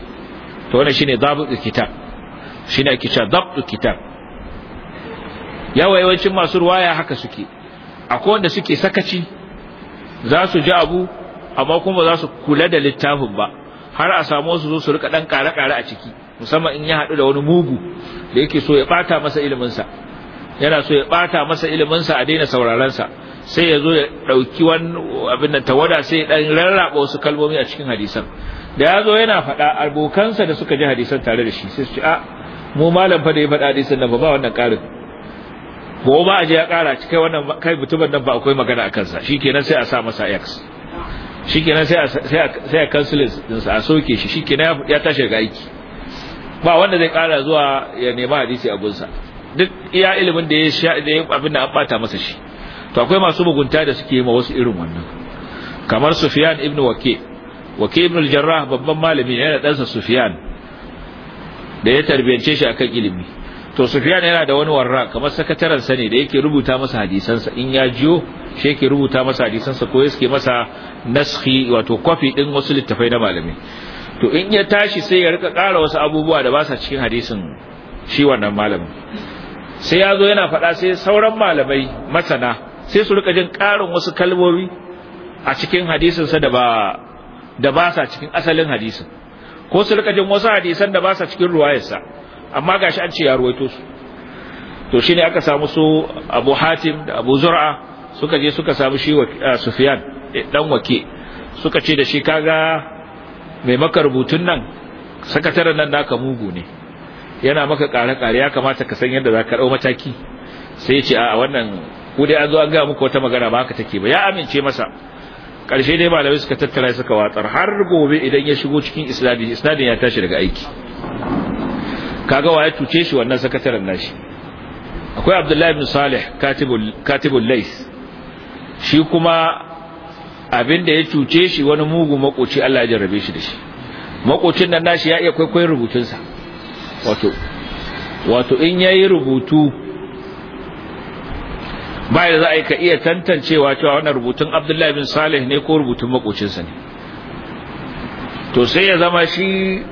to wannan shine zabtu kitab shine ake cewa zabtu kitab yawa yawancin masu ruwaya haka suke akwai wanda suke sakaci za su ji abu amma kuma za su kula da littafin ba har a samu su zo su rika dan kare kare a ciki musamman in ya haɗu da wani mugu da yake so ya bata masa ilimin sa yana so ya bata masa ilimin sa a daina sauraron sa sai ya zo ya dauki wani abin da tawada sai dan rarraba wasu kalmomi a cikin hadisan da ya zo yana faɗa abokansa da suka ji hadisan tare da shi sai su ce a ah, mu malam fa da ya faɗa hadisan nan ba wannan ƙarin ko ba a je ya ƙara ci kai wannan kai mutumin nan ba akwai magana a kansa shikenan sai a sa masa x shikenan sai a sai a cancel din sa a soke shi shikenan ya tashi daga aiki ba wanda zai ƙara zuwa ya nema hadisi abun sa duk iya ilimin da ya sha da ya abin da an bata masa shi to akwai masu mugunta da suke yi ma wasu irin wannan kamar Sufyan ibn Waqi' waki ibn al-jarrah babban malami yana dansa sufyan da ya tarbiyance shi akan ilimi to sufyan yana da wani warra kamar sakataren sa ne da yake rubuta masa hadisansa in ya jiyo shi yake rubuta masa hadisansa ko yake masa naskhi wato kwafi din wasu littafai na malami to in ya tashi sai ya rika ƙara wasu abubuwa da ba sa cikin hadisin shi wannan malami sai ya zo yana faɗa sai sauran malamai masana sai su rika jin ƙarin wasu kalmomi a cikin hadisinsa da ba da ba sa cikin asalin hadisin ko su rika jin wasu hadisan da ba sa cikin ruwayarsa amma gashi an ce ya ruwaito su to shine aka samu su Abu Hatim da Abu Zur'a suka je suka samu shi Sufyan eh, dan wake suka ce da shi kaga mai maka rubutun nan sakataren nan naka mugu ne yana maka kare-kare ya kamata ka san yadda za ka ɗau mataki sai ya ce a wannan ku dai an zo an gaya muku wata magana ba haka take ba ya amince masa karshe dai malamai suka tattara suka watsar har gobe idan ya shigo cikin isladi isnadin ya tashi daga aiki kaga waye ya tuce shi wannan sakataren nashi akwai abdullahi ibn salih katibul katibul lais shi kuma abin da ya cuce shi wani mugu makoci Allah ya jarrabe shi da shi makocin nan nashi ya iya kwaikwayon rubutunsa wato wato in yayi rubutu ba da za a yi ka iya tantancewa cewa wannan rubutun abdullahi bin salih ne ko rubutun makocinsa ne to sai ya zama shi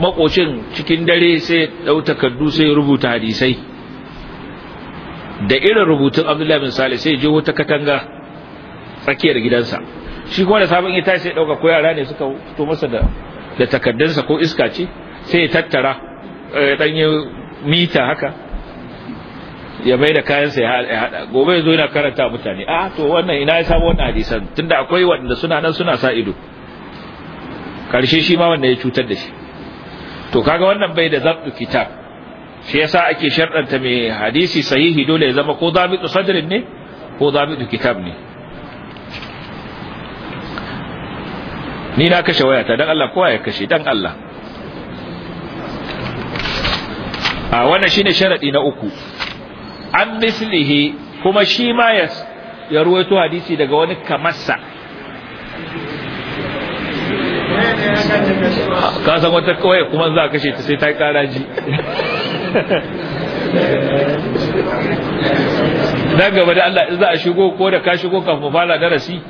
makocin cikin dare sai dau takardu sai rubuta hadisai da irin rubutun abdullahi bin salih sai je wata katanga tsakiyar gidansa shi kuma da sabon ita sai ɗauka ko yara ne suka fito masa da da ko iska ce sai ya tattara eh, ɗanyen mita haka ya mai da kayansa ya hada gobe ya zo yana karanta mutane a ah, to wannan ina ya samu wannan hadisan tunda akwai waɗanda suna nan suna sa ido karshe shi ma wanda ya cutar da shi to kaga wannan bai da zabtu kitab shi yasa ake sharɗanta mai hadisi sahihi dole ya zama ko zabitu sadrin ne ko zabitu kitab ne ni na kashe wayata dan Allah kowa ya kashe dan Allah a wannan shine sharadi na uku an mislihi kuma shi ma ya ruwaito hadisi daga wani kamarsa ka san wata kawai kuma za a kashe ta sai ta yi karaji na gaba da Allah za a shigo ko da ka shigo kafin fara darasi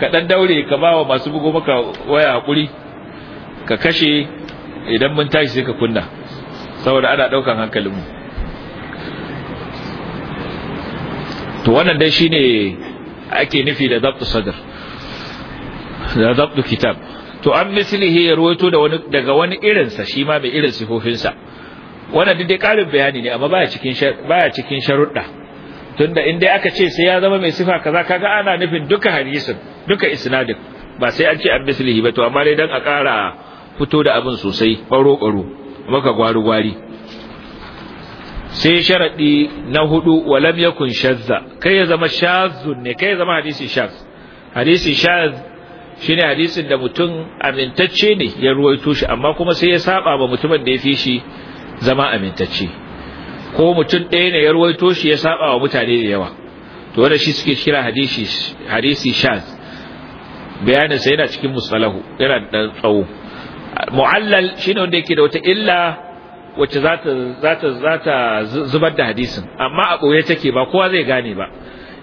ka dan daure ka ba wa masu bugo maka waya hakuri ka kashe idan mun tashi sai ka kunna saboda ana daukan hankalinmu to wannan dai shine ake nufi da dabtu sadr da dabtu kitab to an mislihi ya ruwaito da wani daga wani irinsa shi ma mai irin sa wannan dai karin bayani ne amma baya cikin baya cikin sharuɗa tunda in dai aka ce sai ya zama mai sifa kaza kaga ana nufin duka hadisin duka isnadin ba sai an ce an mislihi ba to amma dai dan a kara fito da abin sosai baro baro maka gwari gwari sai Sharaɗi na hudu walam yakun shazza kai ya zama shazun ne kai ya zama hadisi shaz hadisi shaz shine hadisin da mutum amintacce ne ya ruwaito shi amma kuma sai ya saba ba mutumin da ya fi shi zama amintacce ko mutum ɗaya ne ya ruwaito shi ya saba wa mutane da yawa to wanda shi suke kira hadisi hadisi shaz bayanin sa yana cikin musalahu yana da tsawo mu'allal shine wanda yake da wata illa wacce za ta zubar da hadisin amma a ɓoye take ba kowa zai gane ba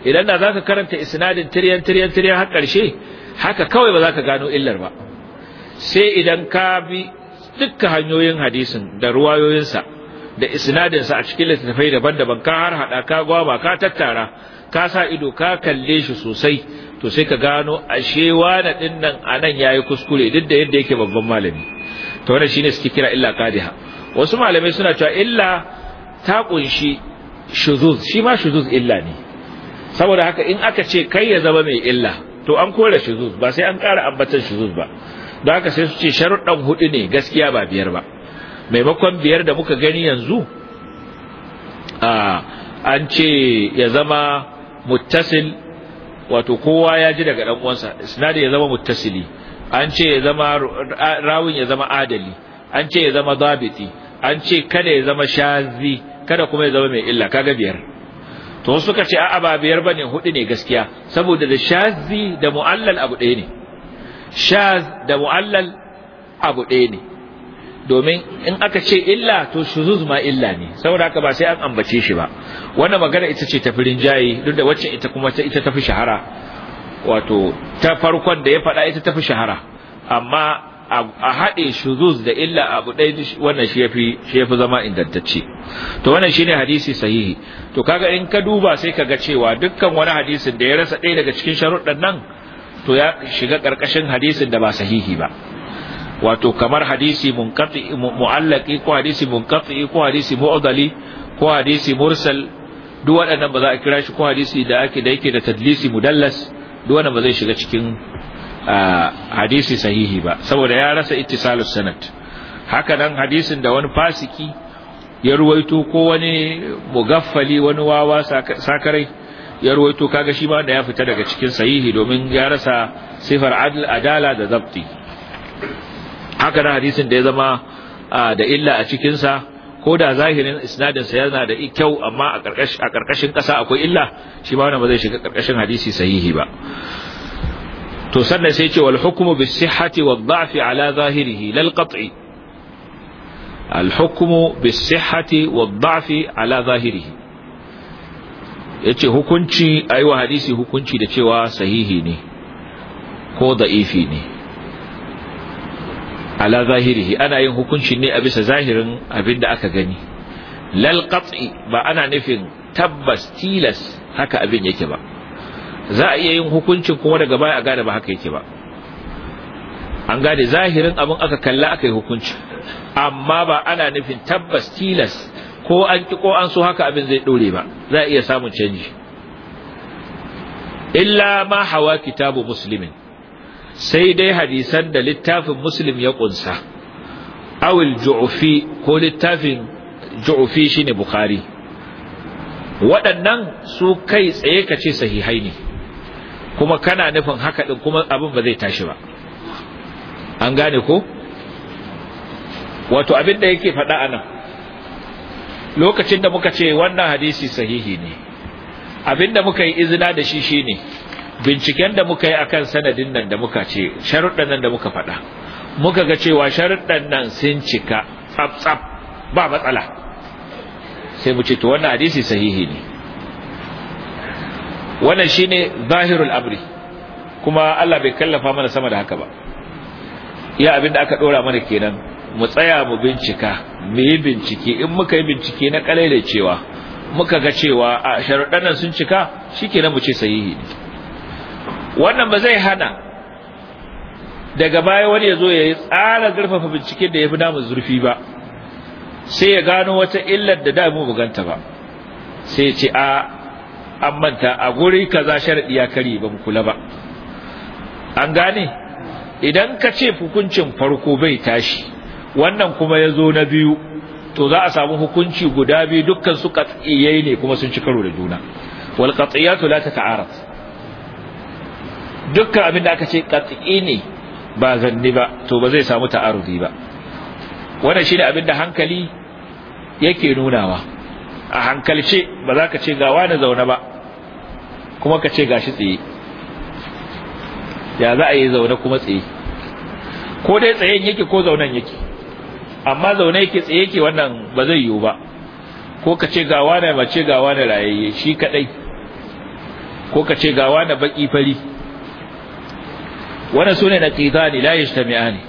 idan da zaka karanta isnadin tiryan tiryan tiryan har ƙarshe haka kawai ba za ka gano illar ba sai idan ka bi dukkan hanyoyin hadisin da ruwayoyinsa da isnadinsa a cikin littattafai daban-daban ka har haɗa ka gwaba ka tattara ka sa ido ka kalle shi sosai to sai ka gano ashe wani ɗin nan a nan ya kuskure duk da yadda yake babban malami to wannan shine suke kira illa qadiha wasu malamai suna cewa illa ta kunshi shuzuz shi ma shuzuz illa ne saboda haka in aka ce kai ya zama mai illa to an kore shuzuz ba sai an kara ambatan shuzuz ba don haka sai su ce sharuɗan hudu ne gaskiya ba biyar ba maimakon biyar da muka gani yanzu an ce ya zama muttasil wato kowa ya ji daga ɗan uwansa sinadar ya zama muttasili an ce ya zama rawin ya zama adali an ce ya zama zabiti an ce kada ya zama shazi kada kuma ya zama mai illa kaga biyar to suka ce a'a ba biyar bane hudu ne gaskiya saboda da shazi da mu'allal abu ɗaya ne shaz da mu'allal abu ɗaya ne domin in aka ce illa to shuzuz ma illa ne saboda haka ba sai an ambace shi ba wannan magana ita ce ta firin jayi duk da wacce ita kuma ita fi shahara wato ta farkon da ya faɗa ita ta fi shahara amma a haɗe shuzuz da illa abu ɗaya wannan shi yafi shi yafi zama ingantacce to wannan shine hadisi sahihi to kaga in ka duba sai kaga cewa dukkan wani hadisin da ya rasa ɗaya daga cikin sharuɗan nan to ya shiga ƙarƙashin hadisin da ba sahihi ba wato kamar hadisi munqati mu'allaqi ko hadisi munqati ko hadisi mu'dali ko hadisi mursal duk waɗannan ba za a kira shi ko hadisi da ake da yake da tadlisi mudallas duk wannan ba zai shiga cikin hadisi sahihi ba saboda ya rasa ittisalus sanad haka nan hadisin da wani fasiki ya ruwaito ko wani mugaffali wani wawa sakarai ya ruwaito kaga shi ma da ya fita daga cikin sahihi domin ya rasa sifar adl adala da zabti haka nan hadisin da ya zama da illa a cikin sa ko da zahirin isnadin sa yana da kyau amma a karkashin a kasa akwai illa shi ma wannan ba zai shiga karkashin hadisi sahihi ba to sannan sai ce wal hukumu bis sihhati wad da'fi ala zahirihi lal qat'i al hukmu bis sihhati wad da'fi ala zahirihi yace hukunci aiwa hadisi hukunci da cewa sahihi ne ko da'ifi ne ala zahirihi ana yin hukunci ne a bisa zahirin abin da aka gani lal qat'i ba ana nufin tabbas tilas haka abin yake ba za a iya yin hukuncin kuma daga baya a gane ba haka yake ba an gane zahirin abin aka kalla aka yi hukunci amma ba ana nufin tabbas tilas ko an ki ko an so haka abin zai dore ba za a iya samun canji illa ma hawa kitabu muslimin sai dai hadisan da littafin muslim ya kunsa awil ju'fi ko littafin ju'fi shine bukhari waɗannan su kai tsaye kace sahihai ne kuma kana nufin haka ɗin kuma abin ba zai tashi ba an gane ko wato abin da yake faɗa a nan lokacin da muka ce wannan hadisi sahihi ne abin da muka yi izina da shi shi ne binciken da muka yi akan sanadin nan da muka ce sharuɗɗan nan da muka faɗa muka ga cewa sharuɗɗan nan sun cika tsaf-tsaf ba matsala sai mu ce to wannan hadisi sahihi ne wannan shine zahirul amri kuma Allah bai kallafa mana sama da haka ba iya abinda aka dora mana kenan mu tsaya mu bincika mu yi bincike in muka yi bincike na kalaile cewa muka ga cewa a sharuɗan nan sun cika shikenan mu ce sahihi wannan ba zai hana daga baya wani ya zo ya yi tsara garfafa bincike da ya fi namun zurfi ba sai ya gano wata illar da da mu buganta ba sai ya ce a an manta a guri kaza sharadi ya kare ba mu kula ba an gane idan ka ce hukuncin farko bai tashi wannan kuma ya zo na biyu to za a samu hukunci guda biyu dukkan su katsiyai ne kuma sun ci karo da juna wal qatsiyatu la tata'arad dukkan abin da aka ce katsi ne ba zanni ba to ba zai samu ta'arudi ba wannan shine abin da hankali yake nunawa a hankalce ba za ka ce ga wani zaune ba kuma ka ce gashi tsaye ya za a yi zaune kuma tsaye ko dai tsayen yake ko zaunen yake amma zaune yake tsaye yake wannan ba zai yiwu ba ko ka ce ga wani mace ga wani rayayye shi kadai ko ka ce ga wani baki fari wannan sune naqidani la yajtami'ani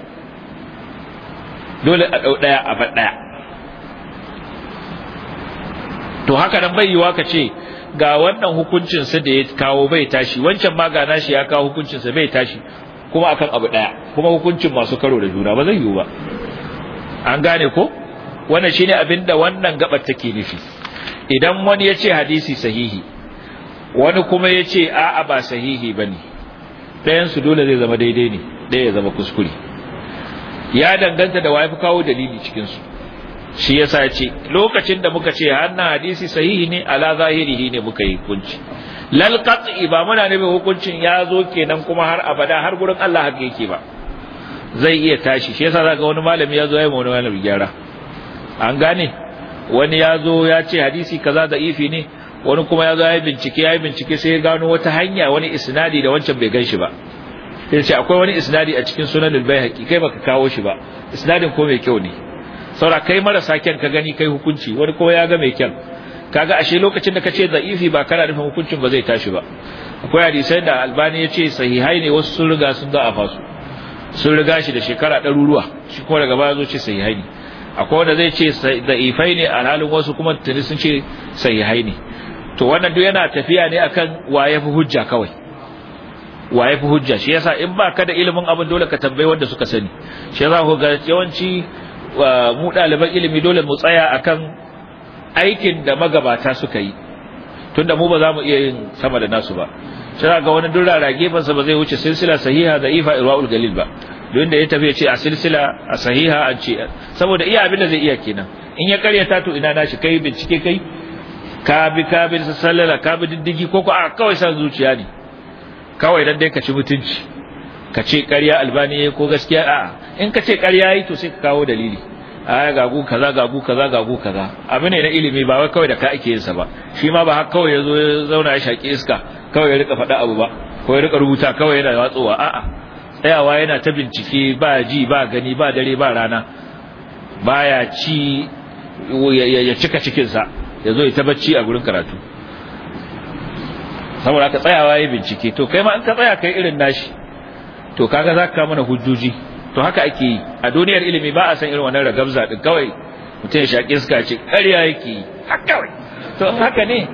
dole a dau daya a bad daya to haka nan bai yiwa ka ce ga wannan hukuncin sa da ya kawo bai tashi wancan ma ga nashi ya kawo hukuncin sa bai tashi kuma akan abu daya kuma hukuncin masu karo da juna ba zai yiwu ba an gane ko wannan shine abinda wannan gabar take nufi idan wani ya ce hadisi sahihi wani kuma ya ce a'a ba sahihi ba ne ɗayansu dole zai zama daidai ne ɗaya ya zama kuskure ya danganta da fi kawo dalili cikin su shi yasa ce lokacin da muka ce hannan hadisi sahihi ne ala zahirihi ne muka yi hukunci lal ba muna nufin hukuncin ya zo kenan kuma har abada har gurin Allah haka yake ba zai iya tashi shi yasa zaka wani malami ya zo ya yi wani malami gyara an gane wani ya zo ya ce hadisi kaza da ifi ne wani kuma ya zo ya yi bincike ya yi bincike sai ya gano wata hanya wani isnadi da wancan bai gan shi ba sai ce akwai wani isnadi a cikin sunan bai baihaqi kai baka kawo shi ba isnadin ko mai kyau ne saura kai marasa kyan ka gani kai hukunci wani kowa ya ga mai kyan kaga ashe lokacin da ka ce za'ifi ba kana nufin hukuncin ba zai tashi ba akwai hadisai da albani ya ce sahihai ne wasu sun riga sun za'a fasu sun riga shi da shekara ɗaruruwa shi kuma daga baya zo ce sahihai ne akwai wanda zai ce za'ifai ne alhalin wasu kuma tuni sun ce sahihai ne to wannan duk yana tafiya ne akan waye fi hujja kawai waye fi hujja shi yasa in ba ka da ilimin abin dole ka tambayi wanda suka sani shi yasa ku ga yawanci mu ɗaliban ilimi dole mu tsaya akan aikin da magabata suka yi tunda mu ba za mu iya yin sama da nasu ba sai ga wani durara gefensa ba zai wuce silsila sahiha da ifa irwaul galil ba don da ya tafi ce a silsila a sahiha an ce saboda iya abin da zai iya kenan in ya karyata to ina nashi kai bincike kai ka bi ka bi sallala ka bi diddigi ko ko a kawai san zuciya ne kawai dan dai ka ci mutunci ka ce ƙarya albani ko gaskiya a'a in ka ce ƙarya yayi to sai ka kawo dalili a gagu kaza gagu kaza gagu kaza abu ne na ilimi ba wai kawai da ka ake yinsa ba shi ma ba kawai ya zo ya zauna ya shaki iska kawai ya rika faɗa abu ba ko ya rika rubuta kawai yana watsowa a'a tsayawa yana ta bincike ba ji ba gani ba dare ba rana baya ci ya cika cikinsa ya zo ya ta a gurin karatu saboda ka tsayawa ya bincike to kai ma in ka tsaya kai irin nashi to kaga za ka kawo mana hujjoji to haka ake yi a duniyar ilimi ba a san irin wannan ragabza din kawai mutum ya shaƙi iska ce ƙarya yake yi kawai to haka ne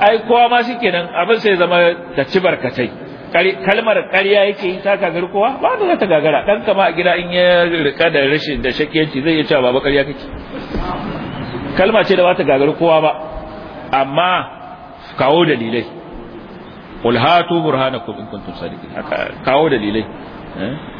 ai kowa ma shike nan, abin sai zama da ci barkatai kalmar ƙarya yake yi ta kagar kowa ba za ta gagara dan kama a gida in ya rika da rashin da shakiyanci zai iya cewa baba ƙarya kake kalma ce da ba ta gagar kowa ba amma kawo dalilai qul hatu burhanakum in kuntum sadiqin haka kawo dalilai